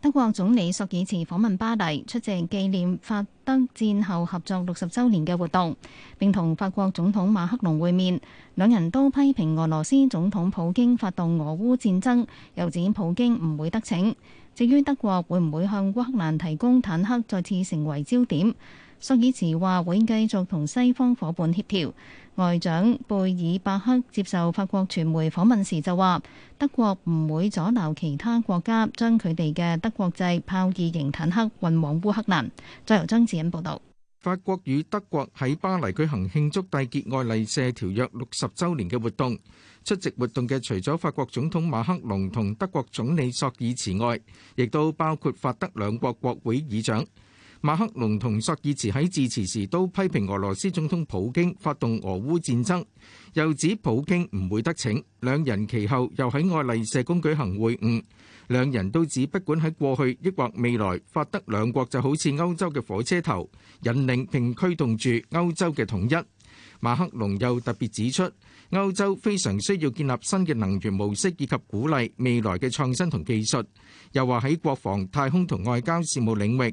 德國總理索爾茨訪問巴黎，出席紀念法德戰後合作六十周年嘅活動，並同法國總統馬克龍會面。兩人都批評俄羅斯總統普京發動俄烏戰爭，又指普京唔會得逞。至於德國會唔會向烏克蘭提供坦克，再次成為焦點。索爾茨話會繼續同西方伙伴協調。外長貝爾伯克接受法國傳媒訪問時就話：德國唔會阻撓其他國家將佢哋嘅德國製豹二型坦克運往烏克蘭。再由張志恩報道：法國與德國喺巴黎舉行慶祝締結愛麗舍條約六十週年嘅活動，出席活動嘅除咗法國總統馬克龍同德國總理朔爾茨外，亦都包括法德兩國國會議長。馬克龍同索爾茨喺致辭時都批評俄羅斯總統普京發動俄烏戰爭，又指普京唔會得逞。兩人其後又喺愛麗舍宮舉行會晤，兩人都指不管喺過去抑或未來，法德兩國就好似歐洲嘅火車頭，引領並驅動住歐洲嘅統一。馬克龍又特別指出，歐洲非常需要建立新嘅能源模式，以及鼓勵未來嘅創新同技術。又話喺國防、太空同外交事務領域。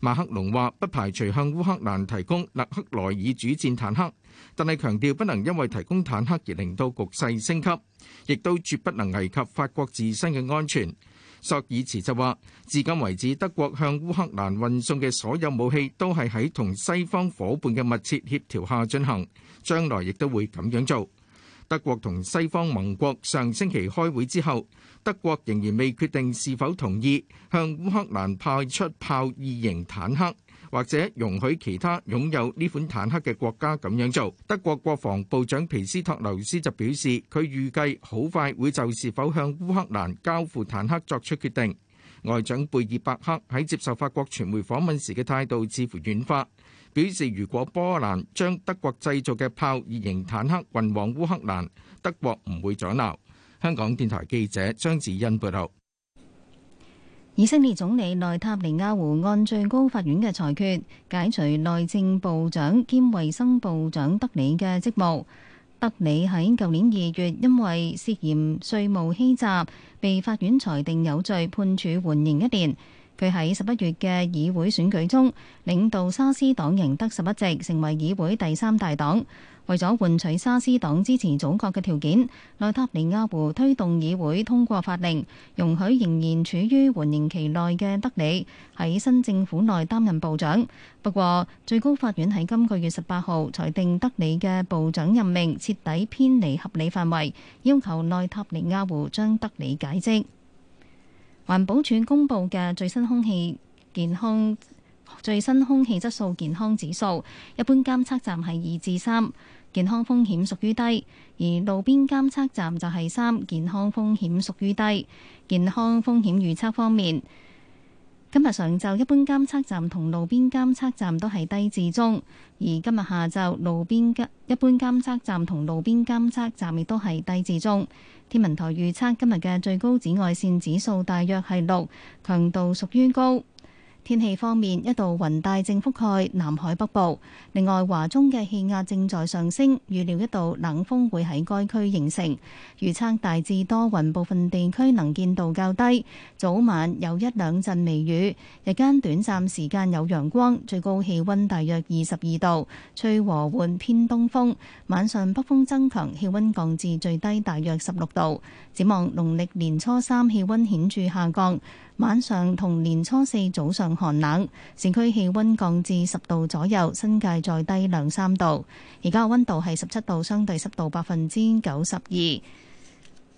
馬克龍話不排除向烏克蘭提供勒克萊爾主戰坦克，但係強調不能因為提供坦克而令到局勢升級，亦都絕不能危及法國自身嘅安全。索爾茨就話，至今為止，德國向烏克蘭運送嘅所有武器都係喺同西方夥伴嘅密切協調下進行，將來亦都會咁樣做。德國同西方盟國上星期開會之後，德國仍然未決定是否同意向烏克蘭派出豹二型坦克，或者容許其他擁有呢款坦克嘅國家咁樣做。德國國防部長皮斯托留斯就表示，佢預計好快會就是否向烏克蘭交付坦克作出決定。外長貝爾伯克喺接受法國傳媒訪問時嘅態度似乎軟化，表示如果波蘭將德國製造嘅豹二型坦克運往烏克蘭，德國唔會阻撓。香港電台記者張子欣報道：以色列總理內塔尼亞胡按最高法院嘅裁決，解除內政部長兼衛生部長德里嘅職務。德里喺舊年二月，因為涉嫌稅務欺詐，被法院裁定有罪，判處緩刑一年。佢喺十一月嘅議會選舉中，領導沙斯黨贏得十一席，成為議會第三大黨。為咗換取沙斯黨支持組閣嘅條件，內塔尼亞胡推動議會通過法令，容許仍然處於緩刑期內嘅德里喺新政府內擔任部長。不過，最高法院喺今個月十八號裁定德里嘅部長任命徹底偏離合理範圍，要求內塔尼亞胡將德里解職。環保署公布嘅最新空氣健康最新空氣質素健康指數，一般監測站係二至三。健康風險屬於低，而路邊監測站就係三。健康風險屬於低，健康風險預測方面，今日上晝一般監測站同路邊監測站都係低至中，而今日下晝路邊一般監測站同路邊監測站亦都係低至中。天文台預測今日嘅最高紫外線指數大約係六，強度屬於高。天氣方面，一道雲帶正覆蓋南海北部。另外，華中嘅氣壓正在上升，預料一道冷鋒會喺該區形成。預測大致多雲，部分地區能見度較低。早晚有一兩陣微雨，日間短暫時間有陽光，最高氣溫大約二十二度，吹和緩偏東風，晚上北風增強，氣溫降至最低大約十六度。展望農曆年初三，氣溫顯著下降。晚上同年初四早上寒冷，城區氣溫降至十度左右，新界再低兩三度。而家溫度係十七度，相對濕度百分之九十二。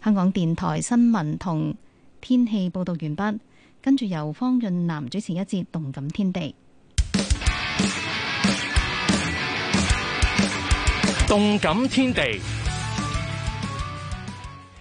香港電台新聞同天氣報道完畢，跟住由方潤南主持一節動感天地。動感天地，天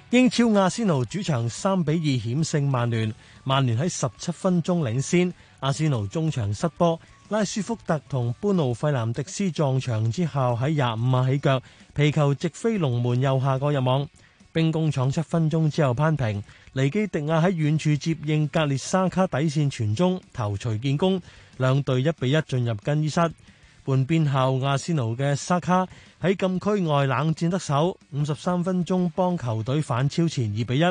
地英超阿仙奴主場三比二險勝曼聯。曼聯喺十七分鐘領先，阿仙奴中場失波，拉舒福特同般奴費南迪斯撞牆之後喺廿五碼起腳，皮球直飛龍門右下角入網。兵工廠七分鐘之後扳平，尼基迪亞喺遠處接應格列沙卡底線傳中，頭槌建功，兩隊一比一進入更衣室。換邊後，阿仙奴嘅沙卡喺禁區外冷箭得手，五十三分鐘幫球隊反超前二比一。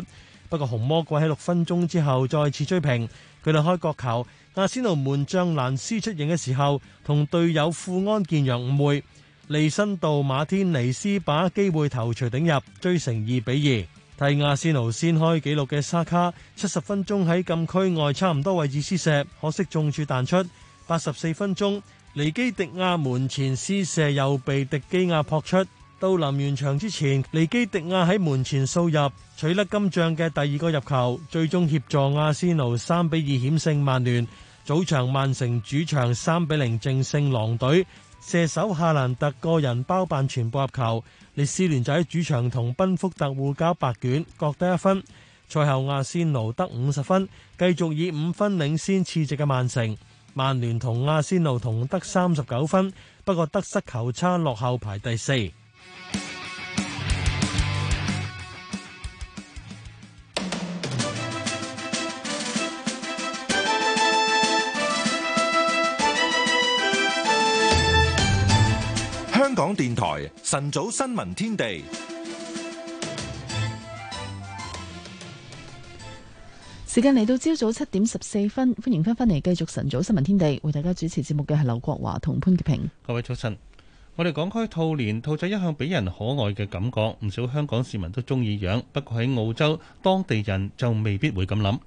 不過紅魔鬼喺六分鐘之後再次追平，佢哋開角球，阿仙奴門將蘭斯出營嘅時候，同隊友富安健洋誤會，利申道馬天尼斯把握機會頭槌頂入，追成二比二。替阿仙奴先開紀錄嘅沙卡，七十分鐘喺禁區外差唔多位置施射，可惜中柱彈出。八十四分鐘，尼基迪亞門前施射，又被迪基亞撲出。到臨完場之前，尼基迪亞喺門前掃入取得金像嘅第二個入球，最終協助阿仙奴三比二險勝曼聯。早場曼城主場三比零正勝狼隊，射手夏蘭特個人包辦全部入球。列斯聯就喺主場同賓福特互交白卷，各得一分。賽後阿仙奴得五十分，繼續以五分領先次席嘅曼城。曼聯同阿仙奴同得三十九分，不過得失球差落後排第四。香港電台晨早新聞天地，時間嚟到朝早七點十四分，歡迎翻返嚟繼續晨早新聞天地，為大家主持節目嘅係劉國華同潘潔平。各位早晨，我哋講開兔年，兔仔一向俾人可愛嘅感覺，唔少香港市民都中意養，不過喺澳洲，當地人就未必會咁諗。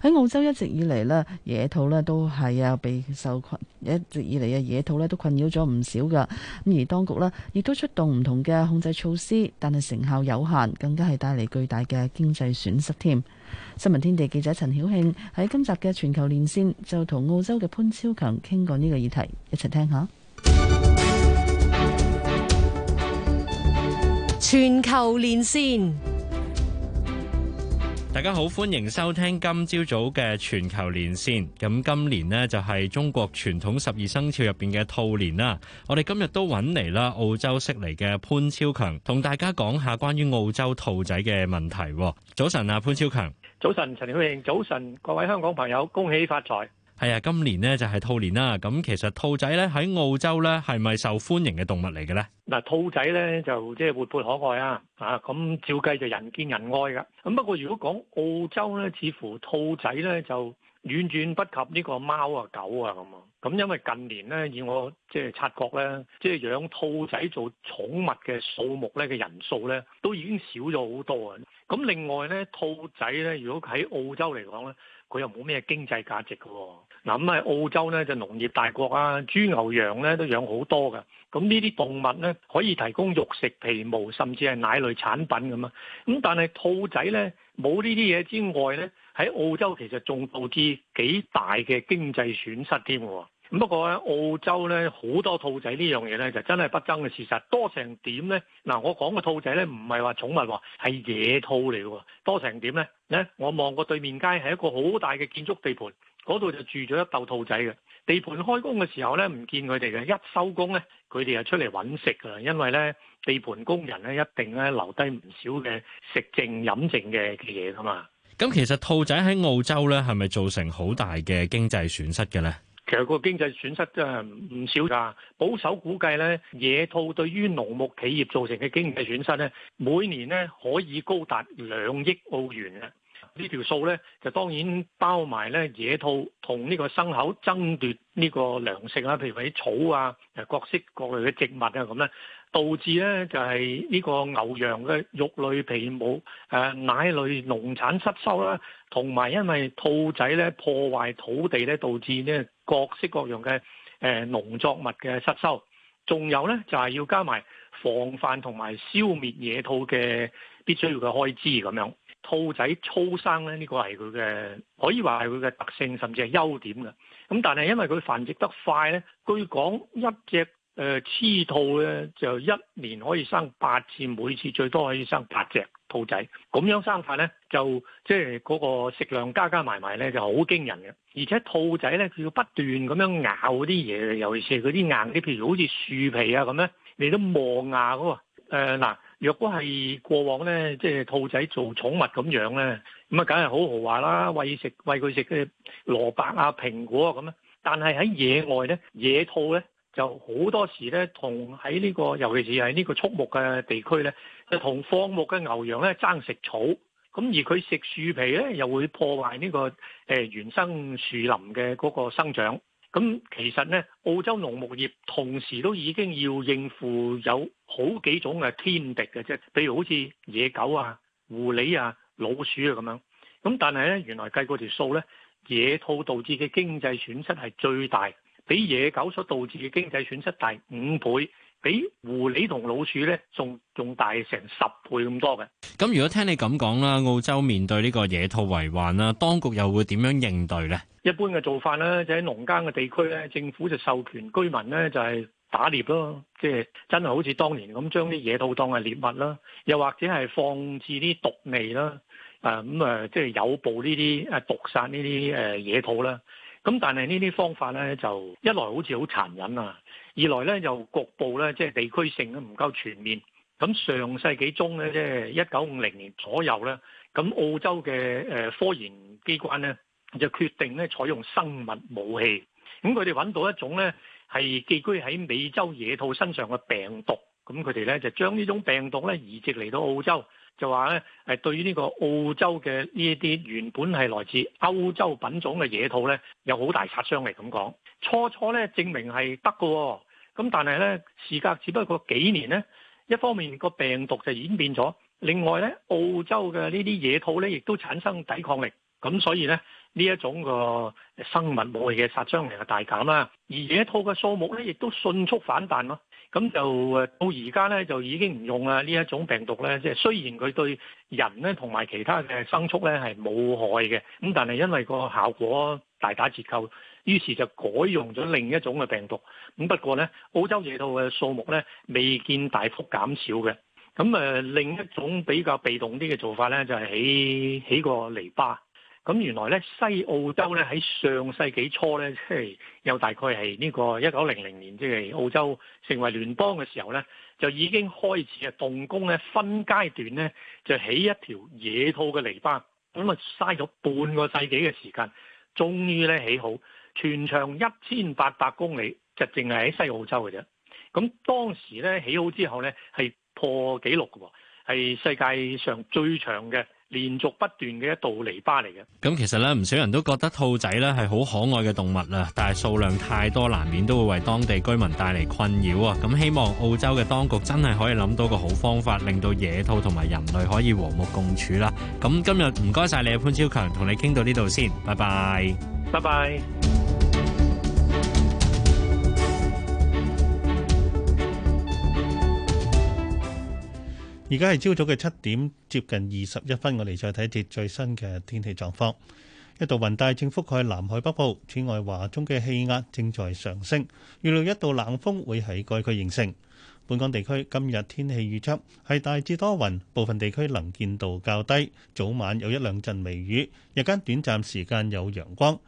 喺澳洲一直以嚟咧野兔咧都係啊備受困，一直以嚟啊野兔咧都困擾咗唔少㗎。咁而當局咧亦都出動唔同嘅控制措施，但係成效有限，更加係帶嚟巨大嘅經濟損失添。新聞天地記者陳曉慶喺今集嘅全球連線就同澳洲嘅潘超強傾過呢個議題，一齊聽下。全球連線。大家好，歡迎收聽今朝早嘅全球連線。咁今年呢，就係中國傳統十二生肖入邊嘅兔年啦。我哋今日都揾嚟啦，澳洲悉尼嘅潘超強同大家講下關於澳洲兔仔嘅問題。早晨啊，潘超強。早晨，陳曉慶。早晨，各位香港朋友，恭喜發財。係啊，今年咧就係兔年啦。咁其實兔仔咧喺澳洲咧係咪受歡迎嘅動物嚟嘅咧？嗱，兔仔咧就即係活潑可愛啊！啊，咁照計就人見人愛㗎。咁不過如果講澳洲咧，似乎兔仔咧就遠遠不及呢個貓啊、狗啊咁啊。咁因為近年咧，以我即係察覺咧，即係養兔仔做寵物嘅數目咧嘅人數咧，都已經少咗好多啊。咁另外咧，兔仔咧如果喺澳洲嚟講咧，佢又冇咩經濟價值㗎喎。嗱咁啊，澳洲咧就農業大國啊，豬牛羊咧都養好多㗎。咁呢啲動物咧可以提供肉食、皮毛，甚至係奶類產品咁啊。咁但係兔仔咧冇呢啲嘢之外咧，喺澳洲其實仲導致幾大嘅經濟損失添喎。咁不過咧，澳洲咧好多兔仔呢樣嘢咧就真係不爭嘅事實。多成點咧？嗱，我講嘅兔仔咧唔係話寵物喎，係野兔嚟嘅。多成點咧？咧我望過對面街係一個好大嘅建築地盤。嗰度就住咗一竇兔仔嘅。地盤開工嘅時候咧，唔見佢哋嘅，一收工咧，佢哋就出嚟揾食噶，因為咧地盤工人咧一定咧留低唔少嘅食剩飲剩嘅嘅嘢噶嘛。咁其實兔仔喺澳洲咧，係咪造成好大嘅經濟損失嘅咧？其實個經濟損失真係唔少噶，保守估計咧，野兔對於農牧企業造成嘅經濟損失咧，每年咧可以高達兩億澳元啊！條呢條數咧就當然包埋咧野兔同呢個牲口爭奪呢個糧食啊，譬如話啲草啊、各式各類嘅植物啊咁咧，導致咧就係、是、呢個牛羊嘅肉類皮毛、誒、呃、奶類農產失收啦，同埋因為兔仔咧破壞土地咧，導致呢各式各樣嘅誒農作物嘅失收，仲有咧就係、是、要加埋防範同埋消滅野兔嘅必須要嘅開支咁樣。兔仔粗生咧，呢個係佢嘅可以話係佢嘅特性，甚至係優點嘅。咁但係因為佢繁殖得快咧，據講一隻誒雌兔咧就一年可以生八次，每次最多可以生八隻兔仔。咁樣生法咧，就即係嗰個食量加加埋埋咧就好驚人嘅。而且兔仔咧，佢要不斷咁樣咬啲嘢，尤其是嗰啲硬嘅，譬如好似樹皮啊咁咧，你都磨牙噶喎。呃、嗱。若果係過往咧，即係兔仔做寵物咁樣咧，咁啊梗係好豪華啦，餵食，餵食餵佢食嘅蘿蔔啊、蘋果啊咁啦。但係喺野外咧，野兔咧就好多時咧，同喺呢個，尤其是喺呢個畜牧嘅地區咧，就同放牧嘅牛羊咧爭食草。咁而佢食樹皮咧，又會破壞呢個誒原生樹林嘅嗰個生長。咁其實咧，澳洲農牧業同時都已經要應付有好幾種嘅天敵嘅啫，譬如好似野狗啊、狐狸啊、老鼠啊咁樣。咁但係咧，原來計過條數咧，野兔導致嘅經濟損失係最大，比野狗所導致嘅經濟損失大五倍。比狐狸同老鼠咧，仲仲大成十倍咁多嘅。咁如果聽你咁講啦，澳洲面對呢個野兔為患啦，當局又會點樣應對咧？一般嘅做法咧，就喺農耕嘅地區咧，政府就授權居民咧，就係打獵咯，即係真係好似當年咁，將啲野兔當係獵物啦，又或者係放置啲毒味啦，啊咁啊，即係誘捕呢啲啊毒殺呢啲誒野兔啦。咁但係呢啲方法咧，就一來好似好殘忍啊！二來咧，又局部咧，即係地區性都唔夠全面。咁上世紀中咧，即係一九五零年左右咧，咁澳洲嘅誒科研機關咧就決定咧採用生物武器。咁佢哋揾到一種咧係寄居喺美洲野兔身上嘅病毒。咁佢哋咧就將呢種病毒咧移植嚟到澳洲，就話咧係對於呢個澳洲嘅呢一啲原本係來自歐洲品種嘅野兔咧有好大殺傷嚟咁講。初初咧證明係得嘅，咁但係咧事隔只不過幾年咧，一方面個病毒就演變咗，另外咧澳洲嘅呢啲野兔咧亦都產生抵抗力，咁所以咧呢一種個生物武器嘅殺傷力就大減啦，而野兔嘅數目咧亦都迅速反彈咯。咁就誒到而家咧，就已經唔用啦呢一種病毒咧，即係雖然佢對人咧同埋其他嘅牲畜咧係冇害嘅，咁但係因為個效果大打折扣，於是就改用咗另一種嘅病毒。咁不過咧，澳洲野兔嘅數目咧未見大幅減少嘅。咁誒另一種比較被動啲嘅做法咧，就係、是、起起個籬笆。咁原來咧，西澳洲咧喺上世紀初咧，即係又大概係呢個一九零零年，即係澳洲成為聯邦嘅時候咧，就已經開始啊動工咧分階段咧就起一條野兔嘅籬笆，咁啊嘥咗半個世紀嘅時間，終於咧起好，全長一千八百公里，就淨係喺西澳洲嘅啫。咁當時咧起好之後咧係破紀錄嘅，係世界上最長嘅。連續不斷嘅一道籬笆嚟嘅。咁其實呢，唔少人都覺得兔仔呢係好可愛嘅動物啦，但係數量太多，難免都會為當地居民帶嚟困擾啊！咁希望澳洲嘅當局真係可以諗到個好方法，令到野兔同埋人類可以和睦共處啦。咁今日唔該晒你阿潘超強，同你傾到呢度先，拜拜。拜拜。而家係朝早嘅七點接近二十一分，我哋再睇一節最新嘅天氣狀況。一道雲帶正覆蓋南海北部，此外，華中嘅氣壓正在上升，預料一道冷鋒會喺該區形成。本港地區今日天氣預測係大致多雲，部分地區能見度較低，早晚有一兩陣微雨，日間短暫時間有陽光，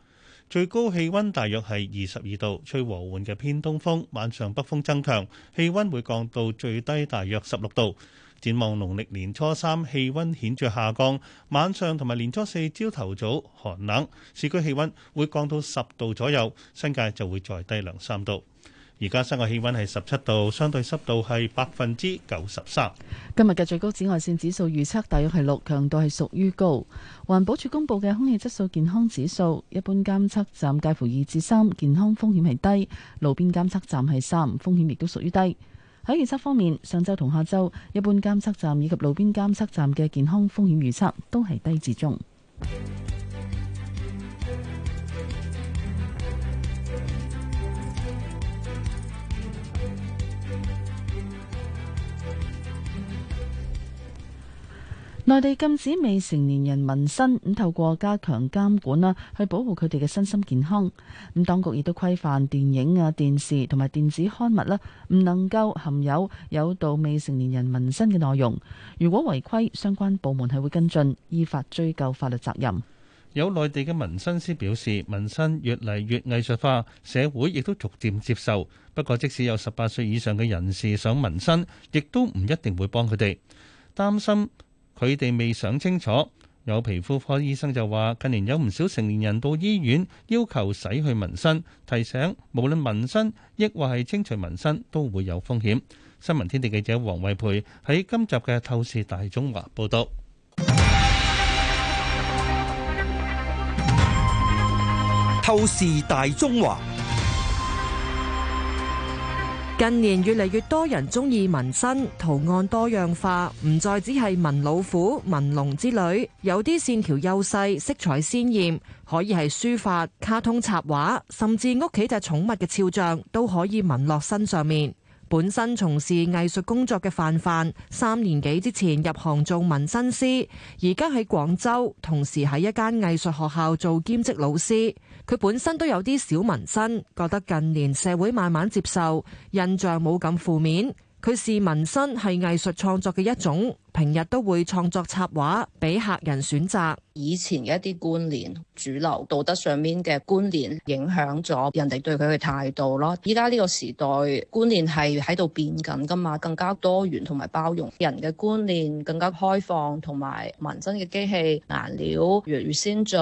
最高氣溫大約係二十二度，吹和緩嘅偏東風，晚上北風增強，氣溫會降到最低大約十六度。展望農曆年初三，氣温顯著下降，晚上同埋年初四朝頭早寒冷，市區氣温會降到十度左右，新界就會再低兩三度。而家室外氣温係十七度，相對濕度係百分之九十三。今日嘅最高紫外線指數預測大約係六，強度係屬於高。環保署公布嘅空氣質素健康指數，一般監測站介乎二至三，健康風險係低；路邊監測站係三，風險亦都屬於低。喺預測方面，上周同下周，一般監測站以及路邊監測站嘅健康風險預測都係低至中。內地禁止未成年人紋身，咁透過加強監管啦，去保護佢哋嘅身心健康。咁當局亦都規範電影啊、電視同埋電子刊物啦，唔能夠含有誘導未成年人紋身嘅內容。如果違規，相關部門係會跟進，依法追究法律責任。有內地嘅紋身師表示，紋身越嚟越藝術化，社會亦都逐漸接受。不過，即使有十八歲以上嘅人士想紋身，亦都唔一定會幫佢哋擔心。佢哋未想清楚，有皮膚科醫生就話：近年有唔少成年人到醫院要求洗去紋身，提醒無論紋身亦或係清除紋身都會有風險。新聞天地記者王惠培喺今集嘅《透視大中華》報道。《透視大中華》近年越嚟越多人中意紋身，圖案多樣化，唔再只係紋老虎、紋龍之類，有啲線條幼細、色彩鮮艷，可以係書法、卡通插畫，甚至屋企隻寵物嘅肖像，都可以紋落身上面。本身從事藝術工作嘅范范，三年幾之前入行做紋身師，而家喺廣州，同時喺一間藝術學校做兼職老師，佢本身都有啲小紋身，覺得近年社會慢慢接受，印象冇咁負面。佢視紋身係藝術創作嘅一種。平日都會創作插畫俾客人選擇。以前嘅一啲觀念、主流道德上面嘅觀念，影響咗人哋對佢嘅態度咯。依家呢個時代觀念係喺度變緊噶嘛，更加多元同埋包容，人嘅觀念更加開放，同埋紋身嘅機器顏料越嚟越先進，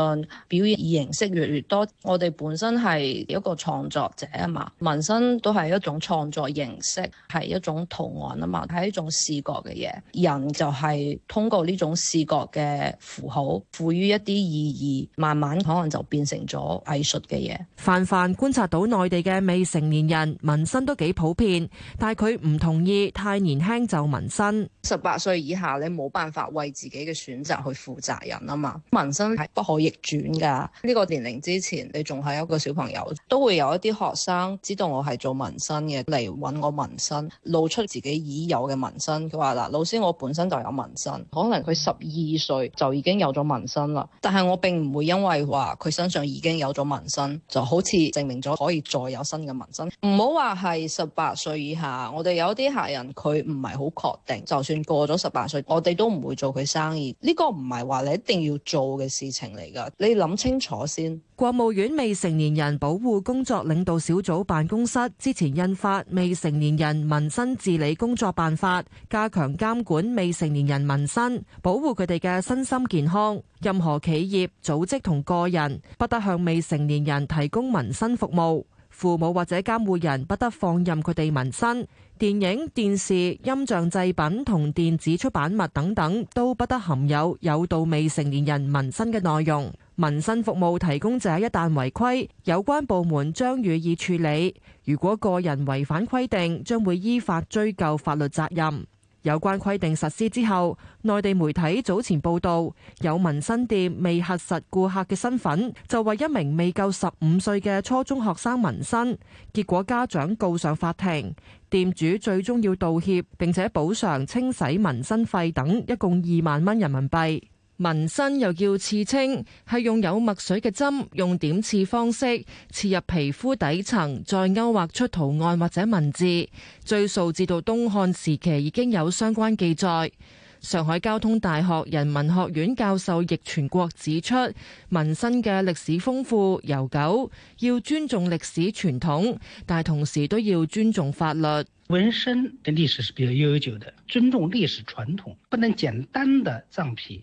表現形式越嚟越多。我哋本身係一個創作者啊嘛，紋身都係一種創作形式，係一種圖案啊嘛，係一種視覺嘅嘢，人。就係通過呢種視覺嘅符號賦予一啲意義，慢慢可能就變成咗藝術嘅嘢。范范觀察到內地嘅未成年人紋身都幾普遍，但係佢唔同意太年輕就紋身。十八歲以下你冇辦法為自己嘅選擇去負責任啊嘛！紋身係不可逆轉噶，呢個年齡之前你仲係一個小朋友，都會有一啲學生知道我係做紋身嘅嚟揾我紋身，露出自己已有嘅紋身。佢話嗱，老師我本身。就有紋身，可能佢十二歲就已經有咗紋身啦。但係我並唔會因為話佢身上已經有咗紋身，就好似證明咗可以再有新嘅紋身。唔好話係十八歲以下，我哋有啲客人佢唔係好確定，就算過咗十八歲，我哋都唔會做佢生意。呢個唔係話你一定要做嘅事情嚟噶，你諗清楚先。國務院未成年人保護工作領導小組辦公室之前印發《未成年人文身治理工作辦法》，加強監管未成年人文身，保護佢哋嘅身心健康。任何企業、組織同個人不得向未成年人提供文身服務，父母或者監護人不得放任佢哋文身。電影、電視、音像製品同電子出版物等等都不得含有誘導未成年人文身嘅內容。紋身服務提供者一旦違規，有關部門將予以處理；如果個人違反規定，將會依法追究法律責任。有關規定實施之後，內地媒體早前報道，有紋身店未核實顧客嘅身份，就為一名未夠十五歲嘅初中學生紋身，結果家長告上法庭，店主最終要道歉並且補償清洗紋身費等，一共二萬蚊人民幣。紋身又叫刺青，係用有墨水嘅針，用點刺方式刺入皮膚底層，再勾畫出圖案或者文字。追溯至到東漢時期已經有相關記載。上海交通大學人文學院教授易全國指出，紋身嘅歷史豐富悠久，要尊重歷史傳統，但同時都要尊重法律。紋身嘅歷史係比較悠久的，的尊重歷史傳統，不能簡單的藏皮。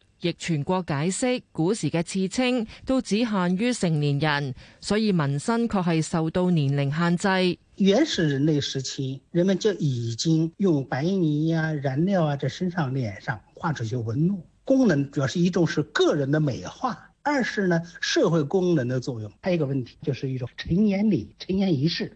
亦全國解釋，古時嘅刺青都只限於成年人，所以紋身確係受到年齡限制。原始人類時期，人們就已經用白泥啊、燃料啊，在身上、臉上畫出一些紋路。功能主要是一種是個人的美化，二是呢社會功能的作用。還有一個問題就是一種成年禮、成年儀式。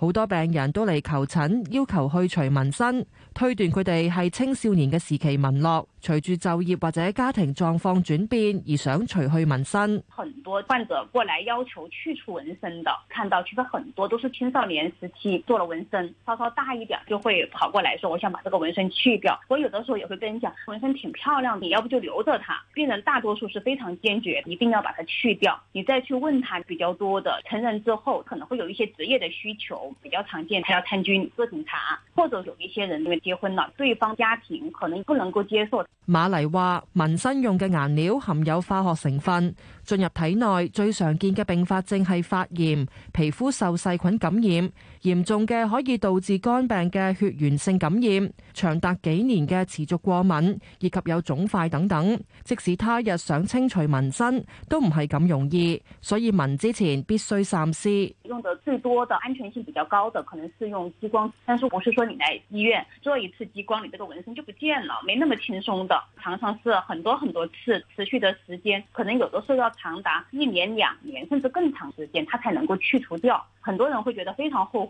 好多病人都嚟求診，要求去除紋身，推斷佢哋係青少年嘅時期紋落，隨住就業或者家庭狀況轉變而想除去紋身。很多患者過來要求去除紋身的，看到其實很多都是青少年時期做了紋身，稍稍大一點就會跑過來說：我想把這個紋身去掉。我有的時候也會跟佢講，紋身挺漂亮的，你要不就留著它。病人大多數是非常堅決，一定要把它去掉。你再去問他，比較多的成人之後可能會有一些職業的需求。比較常見，他要參軍做警察，或者有一些人因為結婚了，對方家庭可能不能夠接受。馬黎話：紋身用嘅顏料含有化學成分，進入體內最常見嘅併發症係發炎、皮膚受細菌感染。嚴重嘅可以導致肝病嘅血源性感染，長達幾年嘅持續過敏，以及有腫塊等等。即使他日想清除紋身，都唔係咁容易，所以紋之前必須三思。用得最多的、的安全性比較高的，可能是用激光。但是我是說你來醫院做一次激光，你這個紋身就不見了。沒那麼輕鬆的，常常是很多很多次，持續的時間，可能有的時候要長達一年、兩年甚至更長時間，它才能夠去除掉。很多人會覺得非常後悔。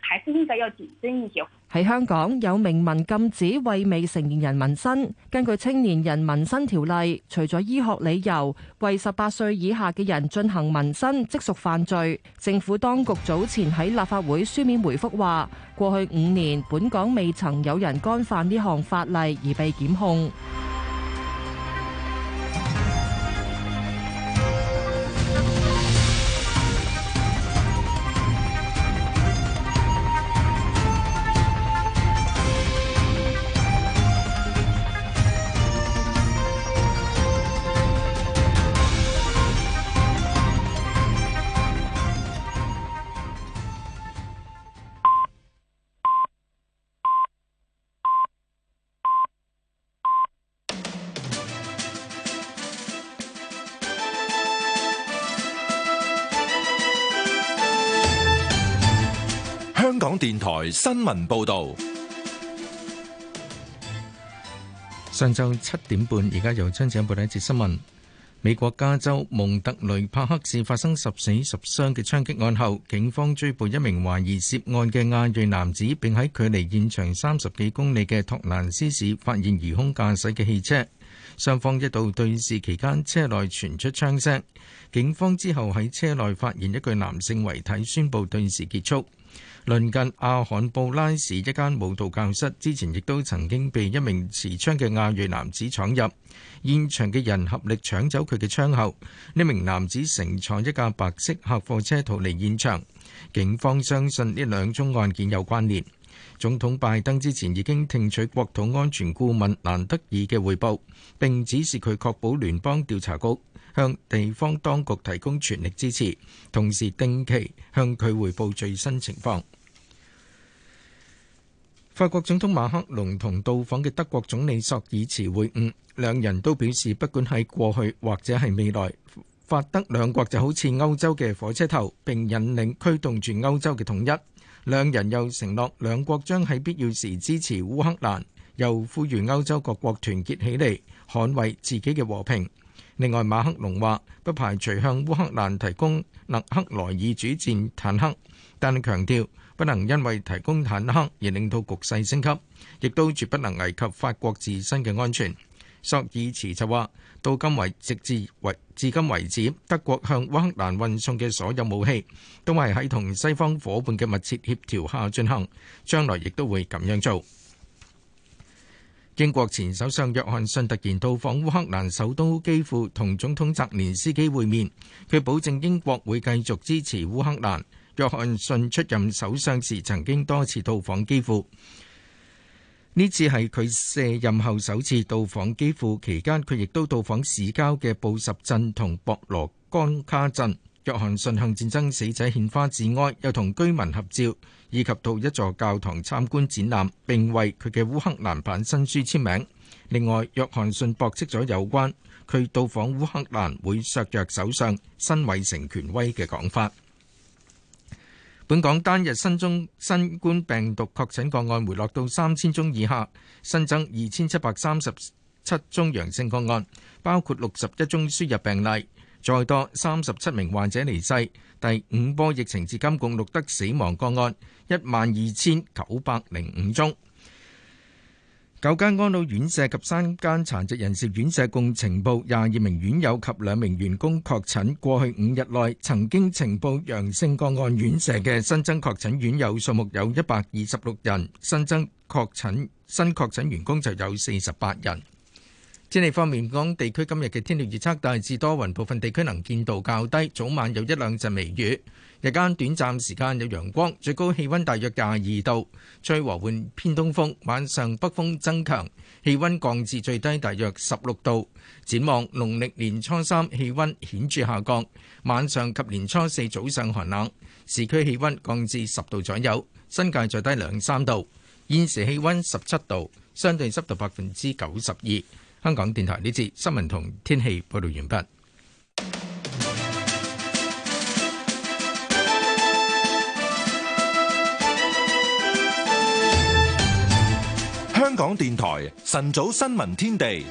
喺香港有明文禁止為未成年人紋身。根據《青年人紋身條例》，除咗醫學理由，為十八歲以下嘅人進行紋身即屬犯罪。政府當局早前喺立法會書面回覆話，過去五年本港未曾有人干犯呢項法例而被檢控。新聞報道：上晝七點半，而家由張子富報道一節新聞。美國加州蒙特雷帕克市發生十死十傷嘅槍擊案後，警方追捕一名懷疑涉案嘅亞裔男子，並喺距離現場三十幾公里嘅托蘭斯市發現疑凶駕駛嘅汽車。雙方一度對峙期間，車內傳出槍聲。警方之後喺車內發現一具男性遺體，宣佈對峙結束。鄰近阿罕布拉市一間舞蹈教室，之前亦都曾經被一名持槍嘅亞裔男子闖入，現場嘅人合力搶走佢嘅槍後，呢名男子乘坐一架白色客貨車逃離現場。警方相信呢兩宗案件有關聯。總統拜登之前已經聽取國土安全顧問蘭德爾嘅匯報，並指示佢確保聯邦調查局向地方當局提供全力支持，同時定期向佢回報最新情況。法國總統馬克龍同到訪嘅德國總理朔爾茨會晤，兩人都表示，不管係過去或者係未來，法德兩國就好似歐洲嘅火車頭，並引領驅動住歐洲嘅統一。兩人又承諾兩國將喺必要時支持烏克蘭，又呼籲歐洲各國團結起嚟，捍衛自己嘅和平。另外，馬克龍話不排除向烏克蘭提供勒克萊爾主戰坦克，但強調不能因為提供坦克而令到局勢升級，亦都絕不能危及法國自身嘅安全。索爾茨就話：到今為直至為至今為止，德國向烏克蘭運送嘅所有武器，都係喺同西方夥伴嘅密切協調下進行，將來亦都會咁樣做。英國前首相約翰遜突然到訪烏克蘭首都基輔，同總統澤連斯基會面。佢保證英國會繼續支持烏克蘭。約翰遜出任首相時，曾經多次到訪基輔，呢次係佢卸任後首次到訪基輔。期間，佢亦都到訪市郊嘅布什鎮同博羅干卡鎮。約翰遜向戰爭死者獻花致哀，又同居民合照。以及到一座教堂參觀展覽，並為佢嘅烏克蘭版新書簽名。另外，約翰遜駁斥咗有關佢到訪烏克蘭會削弱首相辛偉誠權威嘅講法。本港單日新增新冠病毒確診個案回落到三千宗以下，新增二千七百三十七宗陽性個案，包括六十一宗輸入病例，再多三十七名患者離世。第五波疫情至今共錄得死亡個案一萬二千九百零五宗。九間安老院舍及三間殘疾人士院舍共呈報廿二名院友及兩名員工確診。過去五日內曾經呈報陽性個案院舍嘅新增確診院友數目有一百二十六人，新增確診新確診員工就有四十八人。天氣方面，本港地區今日嘅天氣預測大致多雲，部分地區能見度較低，早晚有一兩陣微雨。日間短暫時間有陽光，最高氣溫大約廿二度，吹和緩偏東風，晚上北風增強，氣溫降至最低大約十六度。展望農曆年初三氣溫顯著下降，晚上及年初四早上寒冷，市區氣溫降至十度左右，新界最低兩三度。現時氣溫十七度，相對濕度百分之九十二。香港電台呢節新聞同天氣報道完畢。香港電台晨早新聞天地。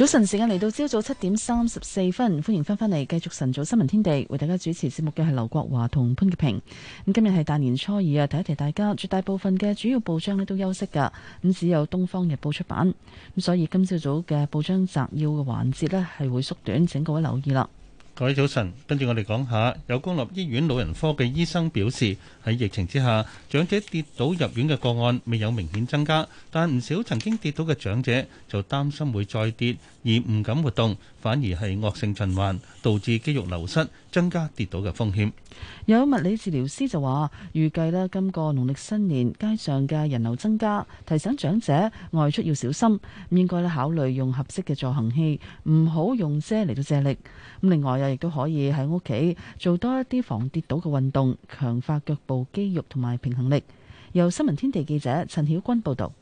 早晨時間嚟到，朝早七點三十四分，歡迎翻返嚟繼續晨早新聞天地，為大家主持節目嘅係劉國華同潘潔平。咁今日係大年初二啊，提一提大家，絕大部分嘅主要報章呢都休息噶，咁只有《東方日報》出版，咁所以今朝早嘅報章摘要嘅環節呢，係會縮短，請各位留意啦。各位早晨，跟住我哋講下，有公立醫院老人科嘅醫生表示，喺疫情之下，長者跌倒入院嘅個案未有明顯增加，但唔少曾經跌倒嘅長者就擔心會再跌，而唔敢活動，反而係惡性循環，導致肌肉流失。增加跌倒嘅風險。有物理治療師就話，預計咧今個農曆新年街上嘅人流增加，提醒長者外出要小心。應該考慮用合適嘅助行器，唔好用遮嚟到借力。咁另外又亦都可以喺屋企做多一啲防跌倒嘅運動，強化腳部肌肉同埋平衡力。由新聞天地記者陳曉君報道。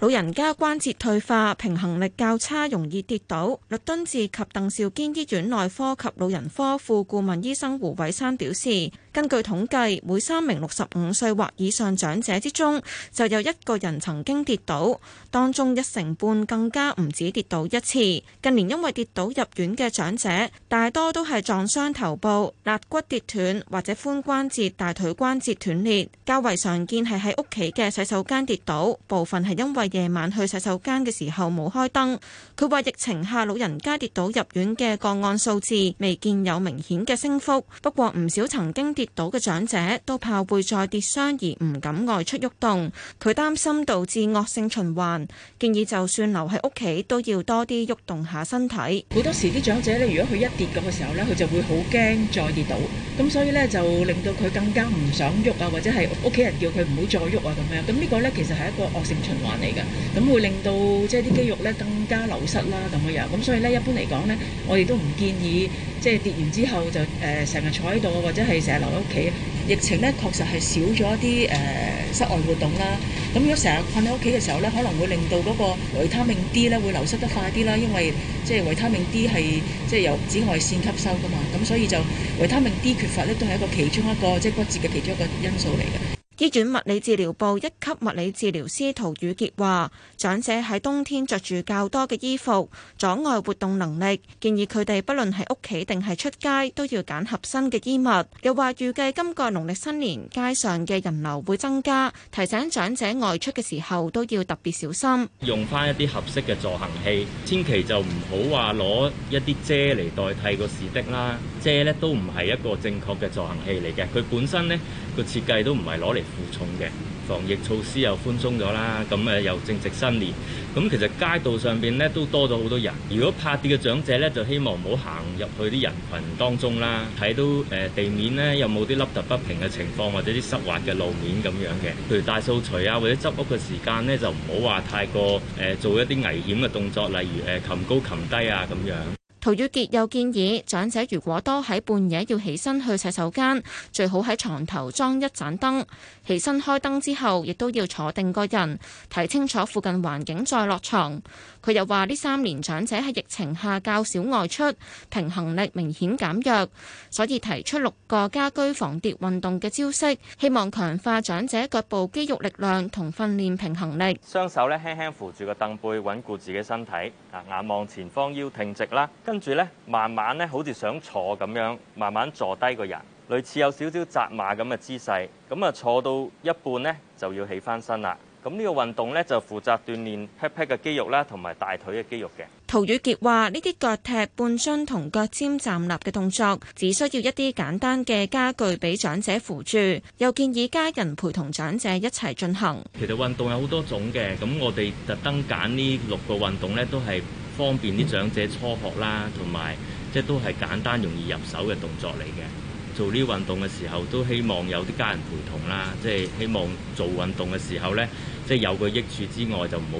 老人家關節退化，平衡力較差，容易跌倒。律敦治及鄧肇堅醫院內科及老人科副顧問醫生胡偉山表示。根據統計，每三名六十五歲或以上長者之中，就有一個人曾經跌倒，當中一成半更加唔止跌倒一次。近年因為跌倒入院嘅長者，大多都係撞傷頭部、肋骨跌斷或者髖關節、大腿關節斷裂，較為常見係喺屋企嘅洗手間跌倒，部分係因為夜晚去洗手間嘅時候冇開燈。佢話疫情下老人家跌倒入院嘅個案數字未見有明顯嘅升幅，不過唔少曾經跌。到嘅長者都怕會再跌傷而唔敢外出喐動，動，佢擔心導致惡性循環，建議就算留喺屋企都要多啲喐動，動下身體。好多時啲長者咧，如果佢一跌嗰嘅時候咧，佢就會好驚再跌倒，咁所以咧就令到佢更加唔想喐啊，或者係屋企人叫佢唔好再喐啊咁樣。咁呢個咧其實係一個惡性循環嚟嘅，咁會令到即係啲肌肉咧更加流失啦咁嘅樣。咁所以咧一般嚟講咧，我哋都唔建議即係、就是、跌完之後就誒成日坐喺度，或者係成日留屋企 Okay. 疫情咧，確實係少咗一啲誒、呃、室外活動啦。咁如果成日困喺屋企嘅時候咧，可能會令到嗰個維他命 D 咧會流失得快啲啦。因為即係維他命 D 係即係由紫外綫吸收噶嘛。咁所以就維他命 D 缺乏咧，都係一個其中一個，即、就、係、是、骨折嘅其中一個因素嚟嘅。醫院物理治療部一級物理治療師陶宇傑話，長者喺冬天著住較多嘅衣服，阻礙活動能力。建議佢哋，不論喺屋企定係出街，都要揀合身嘅衣物。又話預計今個農曆新年，街上嘅人流會增加，提醒長者外出嘅時候都要特別小心。用翻一啲合適嘅助行器，千祈就唔好話攞一啲遮嚟代替個士的啦。遮呢都唔係一個正確嘅助行器嚟嘅，佢本身呢個設計都唔係攞嚟。負重嘅防疫措施又寬鬆咗啦，咁誒又正值新年，咁其實街道上邊咧都多咗好多人。如果怕跌嘅長者咧，就希望唔好行入去啲人群當中啦。睇到誒地面咧有冇啲凹凸不平嘅情況或者啲濕滑嘅路面咁樣嘅。譬如大掃除啊或者執屋嘅時間咧，就唔好話太過誒做一啲危險嘅動作，例如誒擒高擒低啊咁樣。陶宇傑又建議長者如果多喺半夜要起身去洗手間，最好喺床頭裝一盞燈。起身開燈之後，亦都要坐定個人，睇清楚附近環境再落床。佢又話：呢三年長者喺疫情下較少外出，平衡力明顯減弱，所以提出六個家居防跌運動嘅招式，希望強化長者腳部肌肉力量同訓練平衡力。雙手呢輕輕扶住個凳背，穩固自己身體，啊眼望前方腰，腰挺直啦。跟住咧，慢慢咧好似想坐咁樣，慢慢坐低個人，類似有少少扎馬咁嘅姿勢，咁啊，坐到一半咧，就要起翻身啦。咁呢個運動呢，就負責鍛鍊 pat pat 嘅肌肉啦，同埋大腿嘅肌肉嘅。陶宇傑話：呢啲腳踢半樽同腳尖站立嘅動作，只需要一啲簡單嘅家具俾長者扶住，又建議家人陪同長者一齊進行。其實運動有好多種嘅，咁我哋特登揀呢六個運動呢，都係方便啲長者初學啦，同埋即係都係簡單容易入手嘅動作嚟嘅。做呢啲運動嘅時候，都希望有啲家人陪同啦，即係希望做運動嘅時候呢，即係有個益處之外，就唔好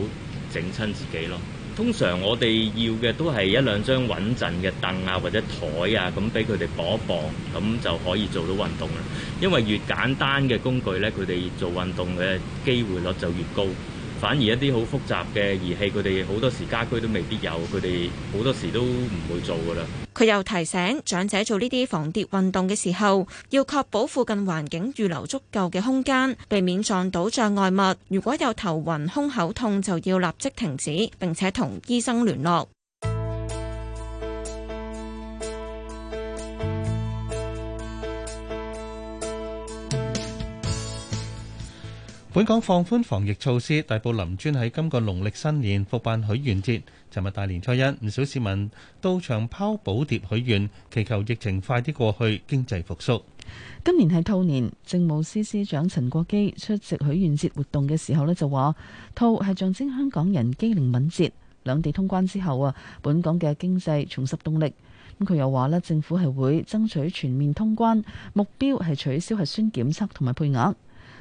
整親自己咯。通常我哋要嘅都係一兩張穩陣嘅凳啊，或者枱啊，咁俾佢哋搏一搏，咁就可以做到運動啦。因為越簡單嘅工具呢，佢哋做運動嘅機會率就越高。反而一啲好複雜嘅儀器，佢哋好多時家居都未必有，佢哋好多時都唔會做㗎喇。佢又提醒長者做呢啲防跌運動嘅時候，要確保附近環境預留足夠嘅空間，避免撞到障礙物。如果有頭暈、胸口痛，就要立即停止，並且同醫生聯絡。本港放寬防疫措施，大埔林村喺今個農曆新年復辦許願節。尋日大年初一，唔少市民到場拋寶牒許願，祈求疫情快啲過去，經濟復甦。今年係兔年，政務司司長陳國基出席許願節活動嘅時候呢，就話兔係象徵香港人機靈敏捷。兩地通關之後啊，本港嘅經濟重拾動力。咁佢又話呢，政府係會爭取全面通關，目標係取消核酸檢測同埋配額。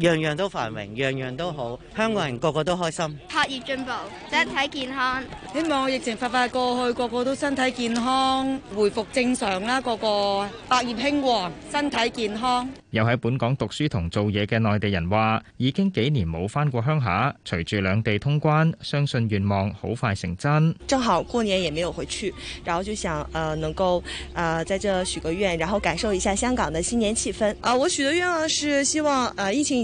樣樣都繁榮，樣樣都好，香港人個個個都開心。百業進步，嗯、身體健康。希望疫情快快過去，個個都身體健康，回復正常啦！個個百業興旺，身體健康。有喺本港讀書同做嘢嘅內地人話：已經幾年冇返過鄉下，隨住兩地通關，相信願望好快成真。正好過年也沒有回去，然後就想，呃，能夠，呃，在這許個願，然後感受一下香港的新年氣氛。啊，我許的願望是希望，啊，疫情。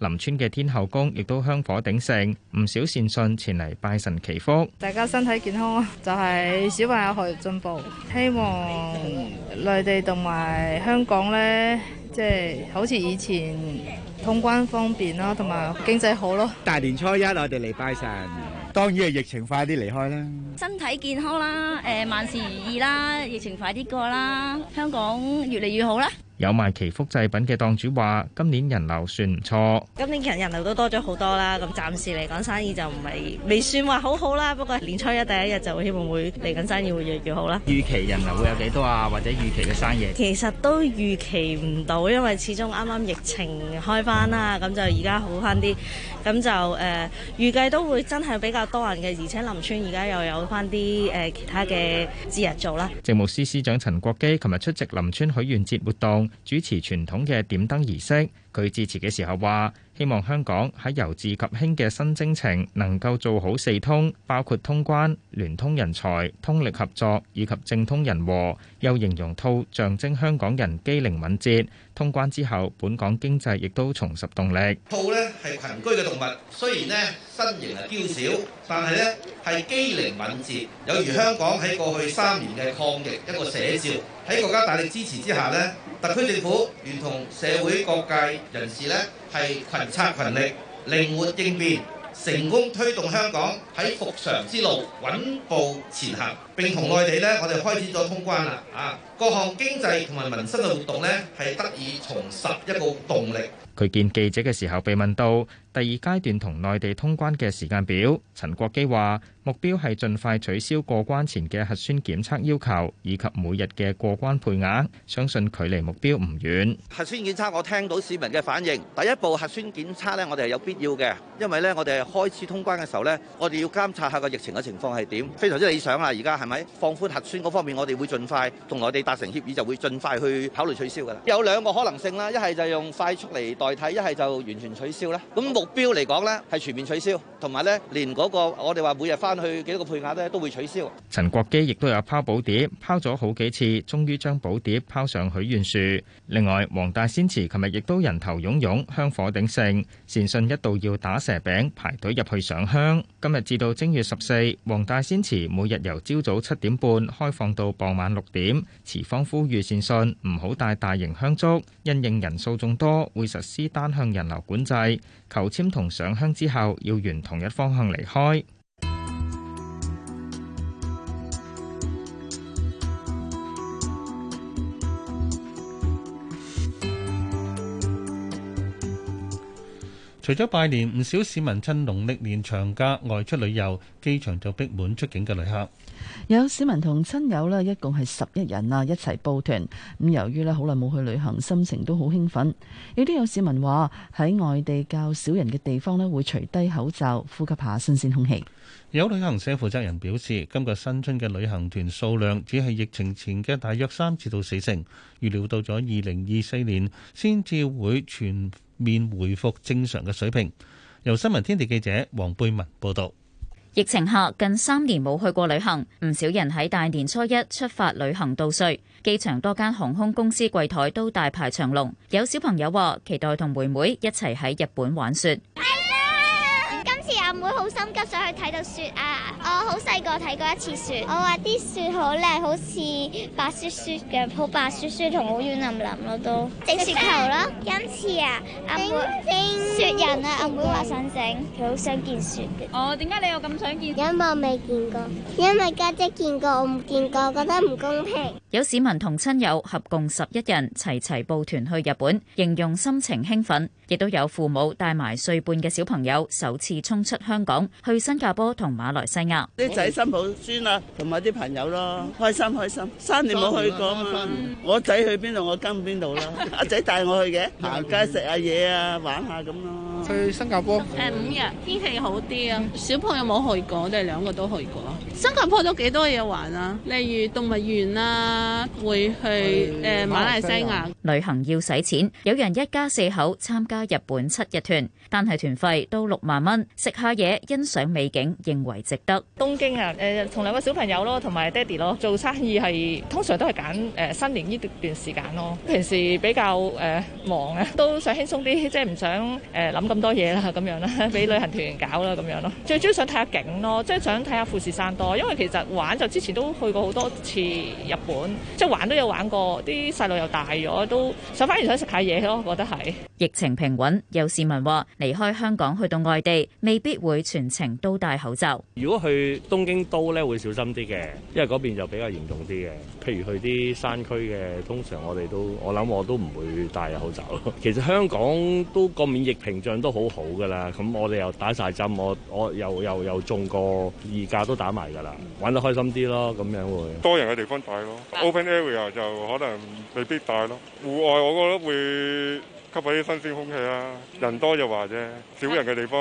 林村嘅天后宮亦都香火鼎盛，唔少善信前嚟拜神祈福。大家身體健康，就係小朋友學業進步。希望內地同埋香港咧，即係好似以前通關方便咯，同埋經濟好咯。大年初一我哋嚟拜神，當然係疫情快啲離開啦。身體健康啦，誒萬事如意啦，疫情快啲過啦，香港越嚟越好啦。有賣祈福製品嘅檔主話：今年人流算唔錯，今年其實人流都多咗好多啦。咁暫時嚟講，生意就唔係未算話好好啦。不過年初一第一日就會希望會嚟緊生意會越嚟越好啦。預期人流會有幾多啊？或者預期嘅生意？其實都預期唔到，因為始終啱啱疫情開翻啦，咁就而家好翻啲，咁就誒預計都會真係比較多人嘅。而且林村而家又有翻啲誒其他嘅節日做啦。政務司司長陳國基琴日出席林村許願節活動。主持傳統嘅點燈儀式，佢致辭嘅時候話：希望香港喺由治及興嘅新征程能夠做好四通，包括通關、聯通人才、通力合作以及政通人和。又形容兔象徵香港人機靈敏捷，通關之後，本港經濟亦都重拾動力。兔呢係群居嘅動物，雖然呢身形係嬌小，但係呢係機靈敏捷，有如香港喺過去三年嘅抗疫一個寫照。喺國家大力支持之下呢，特區政府聯同社會各界人士呢係群策群力，靈活應變。成功推動香港喺復常之路穩步前行，並同內地咧，我哋開展咗通關啦！啊，各項經濟同埋民生嘅活動咧，係得以重拾一個動力。佢見記者嘅時候被問到。第二階段同內地通關嘅時間表，陳國基話：目標係盡快取消過關前嘅核酸檢測要求，以及每日嘅過關配額。相信距離目標唔遠。核酸檢測，我聽到市民嘅反應，第一步核酸檢測呢，我哋係有必要嘅，因為呢，我哋係開始通關嘅時候呢，我哋要監察下個疫情嘅情況係點。非常之理想啊！而家係咪放寬核酸嗰方面，我哋會盡快同內地達成協議，就會盡快去考慮取消㗎啦。有兩個可能性啦，一係就用快速嚟代替，一係就完全取消啦。咁目標嚟講呢係全面取消，同埋呢，連嗰個我哋話每日翻去幾多個配額呢，都會取消。陳國基亦都有拋寶碟，拋咗好幾次，終於將寶碟拋上許願樹。另外，黃大仙祠琴日亦都人頭湧湧，香火鼎盛。善信一度要打蛇餅排隊入去上香。今日至到正月十四，黃大仙祠每日由朝早七點半開放到傍晚六點。祠方呼籲善信唔好帶大型香燭，因應人數眾多，會實施單向人流管制。求籤同上香之後，要沿同一方向離開。除咗拜年，唔少市民趁農曆年長假外出旅遊，機場就逼滿出境嘅旅客。有市民同親友呢，一共係十一人啊，一齊報團。咁由於呢好耐冇去旅行，心情都好興奮。亦都有市民話喺外地較少人嘅地方呢，會除低口罩，呼吸下新鮮空氣。有旅行社負責人表示，今個新春嘅旅行團數量只係疫情前嘅大約三至到四成，預料到咗二零二四年先至會全面回復正常嘅水平。由新聞天地記者黃貝文報道。疫情下近三年冇去過旅行，唔少人喺大年初一出發旅行度歲。機場多間航空公司櫃台都大排長龍，有小朋友話期待同妹妹一齊喺日本玩雪。阿妹好心急想去睇到雪啊！我好細個睇過一次雪，我話啲雪好靚，好似白雪雪嘅，好白雪雪同好軟腍腍咯都。整雪球咯，因此啊，阿妹整雪人啊，阿妹話想整，佢好想見雪嘅。哦，點解你又咁想見？因為我未見過，因為家姐見過，我唔見過，覺得唔公平。有市民同親友合共十一人齊齊報團去日本，形容心情興奮，亦都有父母帶埋歲半嘅小朋友首次衝出。香港去新加坡同馬來西亞，啲仔、新抱、孫啊，同埋啲朋友咯，開心開心。三年冇去過嘛？嗯、我仔去邊度，我跟邊度啦。阿仔 帶我去嘅，行街食下嘢啊，玩下咁咯。去新加坡誒五日，天氣好啲啊。小朋友冇去過，我哋兩個都去過。新加坡都幾多嘢玩啊，例如動物園啦，會去誒馬來西亞。旅行要使錢，有人一家四口參加日本七日團。但係團費都六萬蚊，食下嘢，欣賞美景，認為值得。東京啊，誒、呃，同兩個小朋友咯，同埋爹哋咯，做生意係通常都係揀誒新年呢段時間咯。平時比較誒、呃、忙啊，都想輕鬆啲，即係唔想誒諗咁多嘢啦，咁樣啦，俾旅行團員搞啦、啊，咁樣咯。最主要想睇下景咯，即係想睇下富士山多，因為其實玩就之前都去過好多次日本，即係玩都有玩過，啲細路又大咗，都想反而想食下嘢咯，覺得係。疫情平穩，有市民話離開香港去到外地未必會全程都戴口罩。如果去東京都咧，會小心啲嘅，因為嗰邊就比較嚴重啲嘅。譬如去啲山區嘅，通常我哋都我諗我都唔會戴口罩咯。其實香港都個免疫屏障都好好噶啦，咁我哋又打晒針，我我又又又又中過二價都打埋噶啦，玩得開心啲咯，咁樣會多人嘅地方戴咯 Yeah，open area 就可能未必戴咯。戶外我覺得會。吸下啲新鮮空氣啊，人多就話啫，少人嘅地方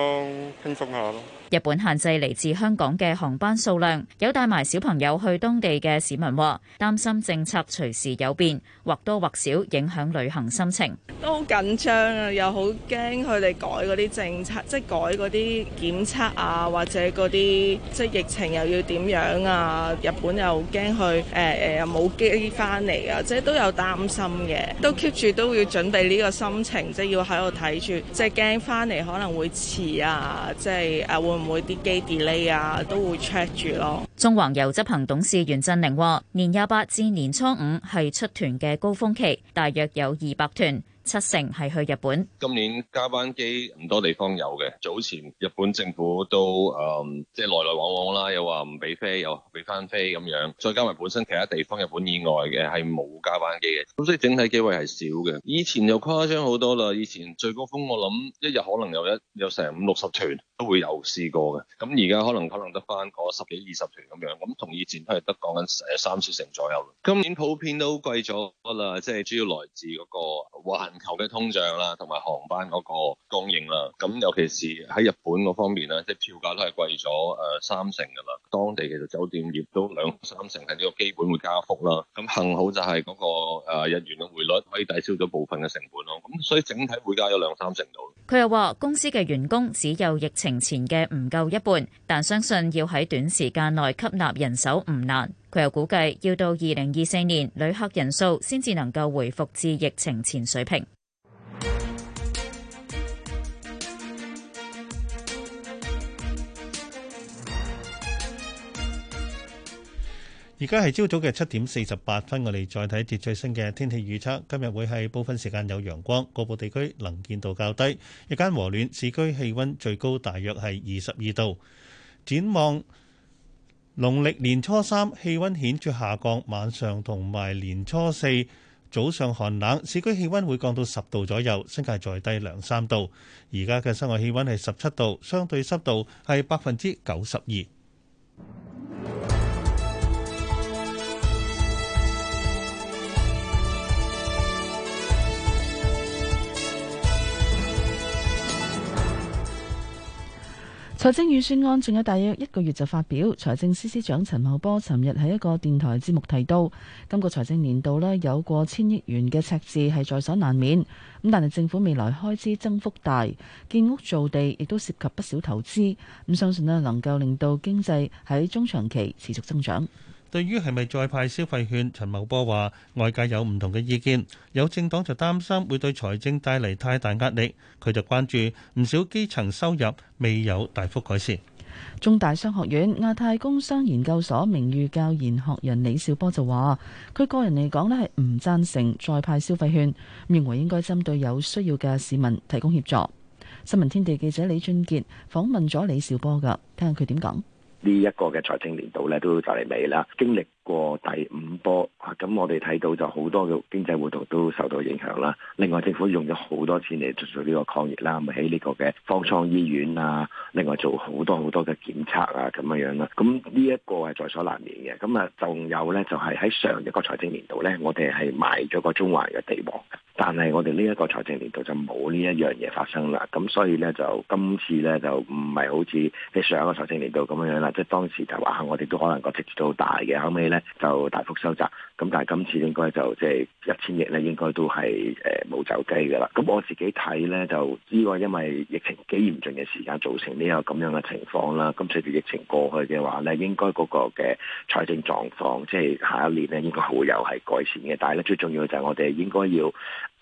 輕鬆下咯。日本限制嚟自香港嘅航班數量，有帶埋小朋友去當地嘅市民話，擔心政策隨時有變，或多或少影響旅行心情。都好緊張啊，又好驚佢哋改嗰啲政策，即係改嗰啲檢測啊，或者嗰啲即係疫情又要點樣啊？日本又驚佢誒誒又冇機翻嚟啊，即係都有擔心嘅，都 keep 住都要準備呢個心情，即係要喺度睇住，即係驚翻嚟可能會遲啊，即係誒會。.唔會啲機 delay 啊，都會 check 住咯。中環遊執行董事袁振寧話，年廿八至年初五係出團嘅高峰期，大約有二百團，七成係去日本。今年加班機唔多，地方有嘅，早前日本政府都誒，即係來來往往啦，又話唔俾飛，又俾翻飛咁樣。再加埋本身其他地方日本以外嘅係冇加班機嘅，咁所以整體機會係少嘅。以前又誇張好多啦，以前最高峰我諗一日可能有一有成五六十團。都會有試過嘅，咁而家可能可能得翻個十幾二十團咁樣，咁同以前都係得講緊成三四成左右。今年普遍都貴咗啦，即係主要來自嗰個環球嘅通脹啦，同埋航班嗰個供應啦。咁尤其是喺日本嗰方面咧，即係票價都係貴咗誒三成噶啦。當地其實酒店業都兩三成係呢個基本會加幅啦。咁幸好就係嗰個誒日元嘅匯率可以抵消咗部分嘅成本咯。咁所以整體會加咗兩三成度。佢又話公司嘅員工只有疫情。前嘅唔夠一半，但相信要喺短時間內吸納人手唔難。佢又估計要到二零二四年，旅客人數先至能夠回復至疫情前水平。而家係朝早嘅七點四十八分，我哋再睇一啲最新嘅天氣預測。今日會係部分時間有陽光，局部地區能見度較低，日間和暖，市區氣温最高大約係二十二度。展望農曆年初三，氣温顯著下降，晚上同埋年初四早上寒冷，市區氣温會降到十度左右，甚至係再低兩三度。而家嘅室外氣温係十七度，相對濕度係百分之九十二。財政預算案仲有大約一個月就發表，財政司司長陳茂波尋日喺一個電台節目提到，今個財政年度呢有過千億元嘅赤字係在所難免，咁但係政府未來開支增幅大，建屋造地亦都涉及不少投資，咁相信呢能夠令到經濟喺中長期持續增長。對於係咪再派消費券，陳茂波話外界有唔同嘅意見，有政黨就擔心會對財政帶嚟太大壓力。佢就關注唔少基層收入未有大幅改善。中大商學院亞太工商研究所名譽教研學人李兆波就話，佢個人嚟講呢係唔贊成再派消費券，認為應該針對有需要嘅市民提供協助。新聞天地記者李俊傑訪問咗李兆波㗎，聽下佢點講。呢一個嘅財政年度咧都就嚟尾啦，經歷過第五波，咁我哋睇到就好多嘅經濟活動都受到影響啦。另外政府用咗好多錢嚟做呢個抗疫啦，喺呢個嘅方艙醫院啊，另外做好多好多嘅檢測啊咁樣樣啦。咁呢一個係在所難免嘅。咁啊，仲有呢，就係喺上一個財政年度呢，我哋係埋咗個中環嘅地王，但係我哋呢一個財政年度就冇呢一樣嘢發生啦。咁所以呢，就今次呢，就唔係好似喺上一個財政年度咁樣啦，即係當時就話我哋都可能個跌幅都好大嘅，後尾呢。就大幅收窄，咁但係今次應該就即係、就是、一千億咧，應該都係誒冇走雞噶啦。咁我自己睇咧，就呢個因為疫情幾嚴重嘅時間造成呢個咁樣嘅情況啦。咁隨住疫情過去嘅話咧，應該嗰個嘅財政狀況，即係下一年咧應該會有係改善嘅。但係咧最重要就係我哋應該要。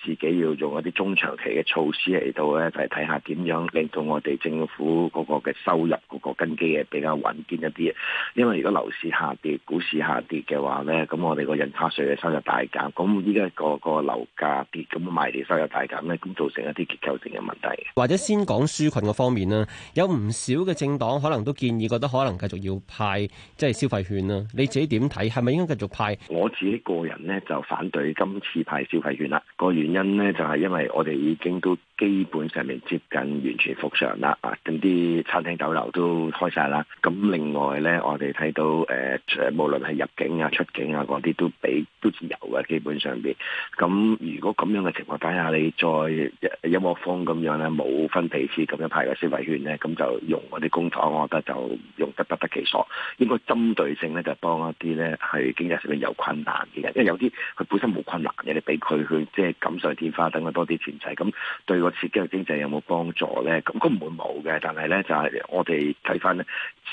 自己要用一啲中長期嘅措施嚟到咧，就係睇下點樣令到我哋政府嗰個嘅收入嗰個根基係比較穩健一啲。因為如果樓市下跌、股市下跌嘅話咧，咁我哋個印花稅嘅收入大減。咁依家個個樓價跌，咁賣地收入大減咧，咁造成一啲結構性嘅問題。或者先講紓困嘅方面啦，有唔少嘅政黨可能都建議覺得可能繼續要派即係、就是、消費券啦。你自己點睇？係咪應該繼續派？我自己個人呢，就反對今次派消費券啦。個月。原因呢就係、是、因為我哋已經都基本上面接近完全復常啦，啊，咁啲餐廳酒樓都開晒啦。咁另外呢，我哋睇到誒、呃、無論係入境啊、出境啊嗰啲都比都自由嘅，基本上面。咁如果咁樣嘅情況底下，你再一窩蜂咁樣呢，冇分批次咁樣派個消費券呢，咁就用我哋公帑，我覺得就用得不得其所。應該針對性呢，就幫一啲呢係經濟上面有困難嘅，因為有啲佢本身冇困難嘅，你俾佢去即係咁。上電化等佢多啲錢債，咁對個刺激經濟有冇幫助咧？咁咁唔會冇嘅，但係咧就係我哋睇翻咧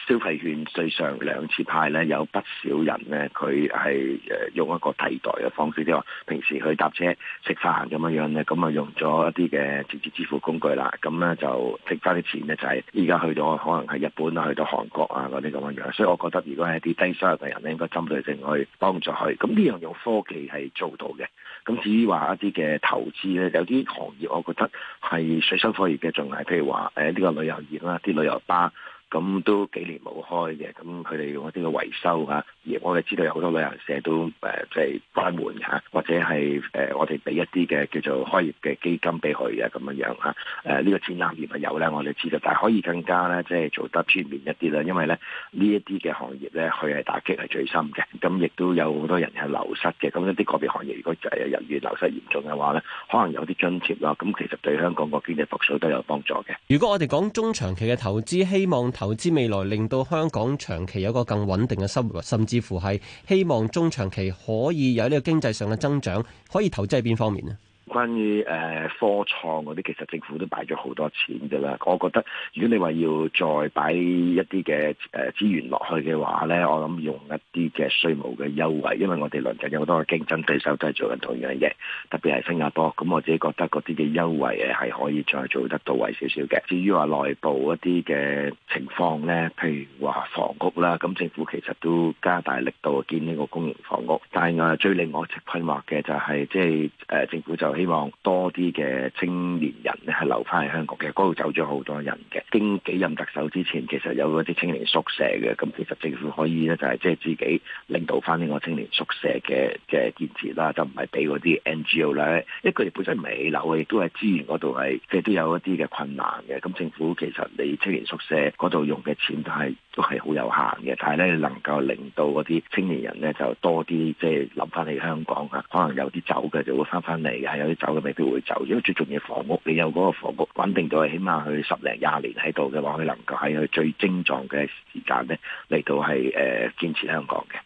消費券最上兩次派咧，有不少人咧佢係誒用一個替代嘅方式，即係話平時去搭車、食飯咁樣樣咧，咁啊用咗一啲嘅直接支付工具啦，咁咧就揈翻啲錢咧，就係依家去到可能係日本啊、去到韓國啊嗰啲咁樣樣，所以我覺得如果係啲低收入嘅人咧，應該針對性去幫助佢。咁呢樣用科技係做到嘅，咁至於話一啲嘅。投資咧，有啲行業我覺得係水深火熱嘅，仲係譬如話誒呢個旅遊業啦，啲旅遊巴。咁都幾年冇開嘅，咁佢哋用啲嘅維修嚇，而我哋知道有好多旅行社都誒即係關門嚇，或者係誒我哋俾一啲嘅叫做開業嘅基金俾佢嘅咁樣樣嚇，誒、啊、呢、這個展覽業係有咧，我哋知道，但係可以更加咧即係做得全面一啲啦，因為咧呢一啲嘅行業咧佢係打擊係最深嘅，咁亦都有好多人係流失嘅，咁一啲個別行業如果就誒由於流失嚴重嘅話咧，可能有啲津貼啦，咁其實對香港個經濟復甦都有幫助嘅。如果我哋講中長期嘅投，投資，希望投資未來，令到香港長期有一個更穩定嘅生活，甚至乎係希望中長期可以有呢個經濟上嘅增長，可以投資喺邊方面呢？關於誒、呃、科創嗰啲，其實政府都擺咗好多錢㗎啦。我覺得，如果你話要再擺一啲嘅誒資源落去嘅話咧，我諗用一啲嘅稅務嘅優惠，因為我哋鄰近有好多嘅競爭對手都係做緊同樣嘢，特別係新加坡。咁我自己覺得嗰啲嘅優惠誒係可以再做得到位少少嘅。至於話內部一啲嘅情況咧，譬如話房屋啦，咁政府其實都加大力度建呢個公營房屋。但係我、啊、最令我誒困惑嘅就係即係誒政府就。希望多啲嘅青年人咧，係留翻喺香港嘅。嗰度走咗好多人嘅。經幾任特首之前，其實有嗰啲青年宿舍嘅。咁其實政府可以咧，就係即係自己領導翻呢個青年宿舍嘅嘅建設啦，就唔係俾嗰啲 NGO 咧，因為佢哋本身冇樓，亦都係資源嗰度係，即係都有一啲嘅困難嘅。咁政府其實你青年宿舍嗰度用嘅錢，都係。都係好有限嘅，但係咧能夠令到嗰啲青年人咧就多啲，即係諗翻嚟香港啊，可能有啲走嘅就會翻翻嚟嘅，係有啲走嘅未必會走，因為最重要房屋，你有嗰個房屋穩定到，起碼佢十零廿年喺度嘅話，佢能夠喺佢最精壯嘅時間咧嚟到係誒堅持香港嘅。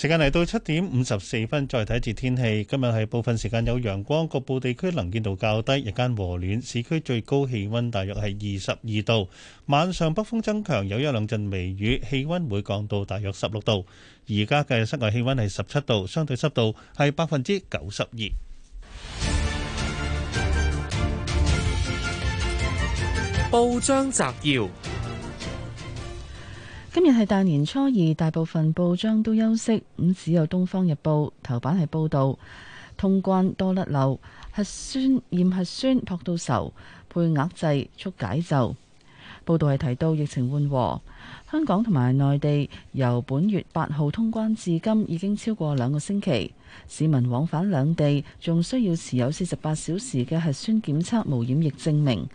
時間嚟到七點五十四分，再睇一節天氣。今日係部分時間有陽光，局部地區能見度較低，日間和暖，市區最高氣溫大約係二十二度。晚上北風增強，有一兩陣微雨，氣溫會降到大約十六度。而家嘅室外氣溫係十七度，相對濕度係百分之九十二。報章摘要。今日係大年初二，大部分報章都休息，咁只有《東方日報》頭版係報，報道通關多甩漏核酸驗核酸撲到仇，配額制速解咒。報道係提到疫情緩和。香港同埋內地由本月八號通關至今已經超過兩個星期，市民往返兩地仲需要持有四十八小時嘅核酸檢測無染疫證明。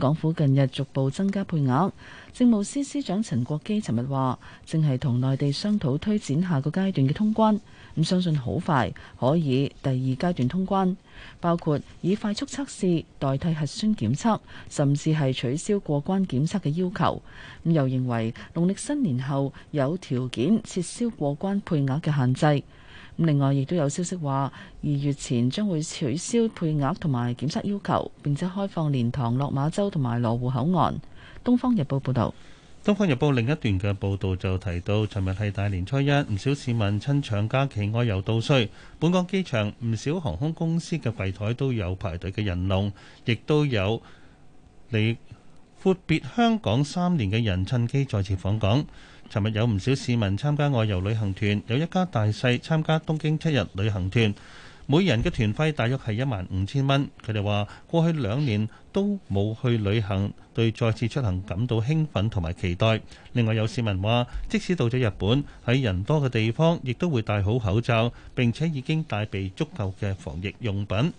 港府近日逐步增加配額，政務司司長陳國基尋日話，正係同內地商討推展下個階段嘅通關，咁相信好快可以第二階段通關，包括以快速測試代替核酸檢測，甚至係取消過關檢測嘅要求。咁又認為，農曆新年後有條件撤銷過關配額嘅限制。另外亦都有消息話，二月前將會取消配額同埋檢測要求，並且開放蓮塘落馬洲同埋羅湖口岸。《東方日報》報導，《東方日報》另一段嘅報導就提到，尋日係大年初一，唔少市民趁長假期外遊度歲。本港機場唔少航空公司嘅櫃台都有排隊嘅人龍，亦都有你。闊別香港三年嘅人趁機再次訪港。尋日有唔少市民參加外遊旅行團，有一家大細參加東京七日旅行團，每人嘅團費大約係一萬五千蚊。佢哋話：過去兩年都冇去旅行，對再次出行感到興奮同埋期待。另外有市民話，即使到咗日本，喺人多嘅地方，亦都會戴好口罩，並且已經帶備足夠嘅防疫用品。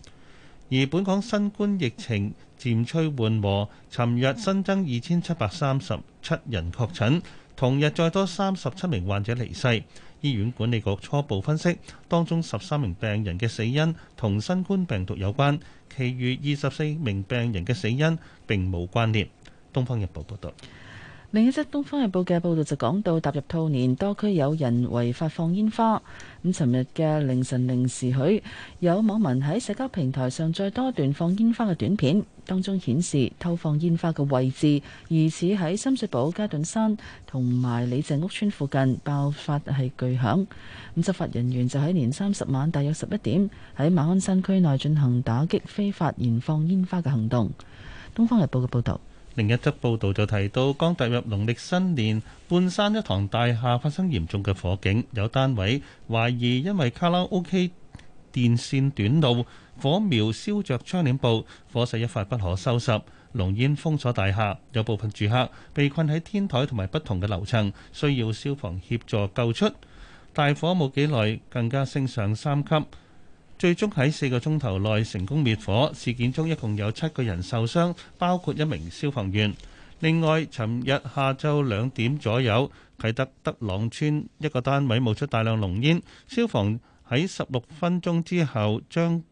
而本港新冠疫情，漸趨緩和，尋日新增二千七百三十七人確診，同日再多三十七名患者離世。醫院管理局初步分析，當中十三名病人嘅死因同新冠病毒有關，其餘二十四名病人嘅死因並冇關聯。《東方日報》報道。另一則《東方日報》嘅報導就講到，踏入兔年，多區有人違法放煙花。咁，尋日嘅凌晨零時許，有網民喺社交平台上載多段放煙花嘅短片，當中顯示偷放煙花嘅位置疑似喺深水埗嘉頓山同埋李鄭屋村附近爆發係巨響。咁執法人員就喺年三十晚大約十一點喺馬鞍山區內進行打擊非法燃放煙花嘅行動。《東方日報》嘅報導。另一則報道就提到，剛踏入農曆新年，半山一堂大廈發生嚴重嘅火警，有單位懷疑因為卡拉 OK 電線短路，火苗燒着窗簾布，火勢一發不可收拾，濃煙封鎖大廈，有部分住客被困喺天台同埋不同嘅樓層，需要消防協助救出。大火冇幾耐更加升上三級。最終喺四個鐘頭內成功滅火，事件中一共有七個人受傷，包括一名消防員。另外，尋日下晝兩點左右，啟德德朗村一個單位冒出大量濃煙，消防喺十六分鐘之後將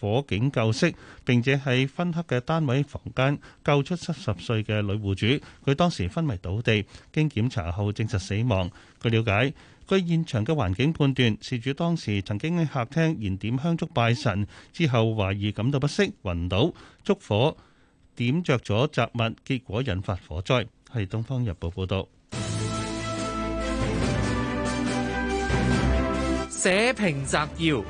火警救熄，並且喺焚黑嘅單位房間救出七十歲嘅女戶主，佢當時昏迷倒地，經檢查後證實死亡。據了解。據現場嘅環境判斷，事主當時曾經喺客廳燃點香燭拜神，之後懷疑感到不適、暈倒，燭火點着咗雜物，結果引發火災。係《東方日報》報道。社評輯要，《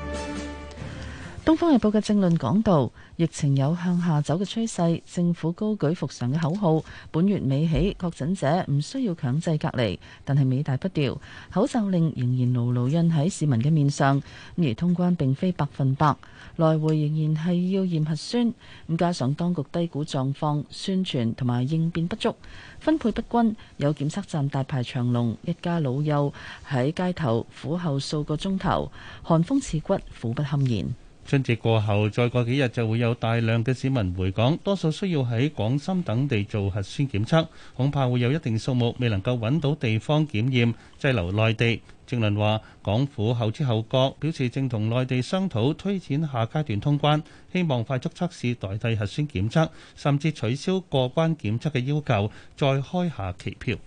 東方日報》嘅政論講到。疫情有向下走嘅趨勢，政府高舉復常嘅口號。本月尾起，確診者唔需要強制隔離，但係尾大不掉，口罩令仍然牢牢印喺市民嘅面上。而通關並非百分百，來回仍然係要驗核酸。加上當局低估狀況，宣傳同埋應變不足、分配不均，有檢測站大排長龍，一家老幼喺街頭苦候數個鐘頭，寒風刺骨，苦不堪言。春節過後，再過幾日就會有大量嘅市民回港，多數需要喺廣深等地做核酸檢測，恐怕會有一定數目未能夠搵到地方檢驗滯留內地。正論話港府後知後覺，表示正同內地商討推展下階段通關，希望快速測試代替核酸檢測，甚至取消過關檢測嘅要求，再開下期票。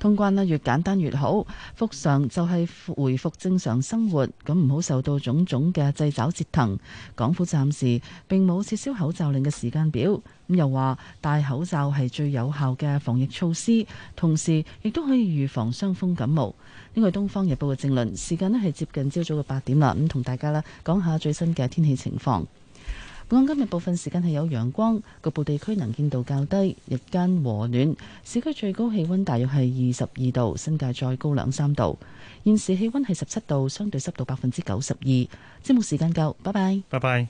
通關啦，越簡單越好。復常就係回復正常生活，咁唔好受到種種嘅掣肘折騰。港府暫時並冇撤銷口罩令嘅時間表，咁又話戴口罩係最有效嘅防疫措施，同時亦都可以預防傷風感冒。呢個係《東方日報》嘅正論。時間咧係接近朝早嘅八點啦，咁同大家啦講下最新嘅天氣情況。本港今日部分時間係有陽光，局部地區能見度較低，日間和暖，市區最高氣溫大約係二十二度，新界再高兩三度。現時氣溫係十七度，相對濕度百分之九十二，節目時間夠，拜拜。拜拜。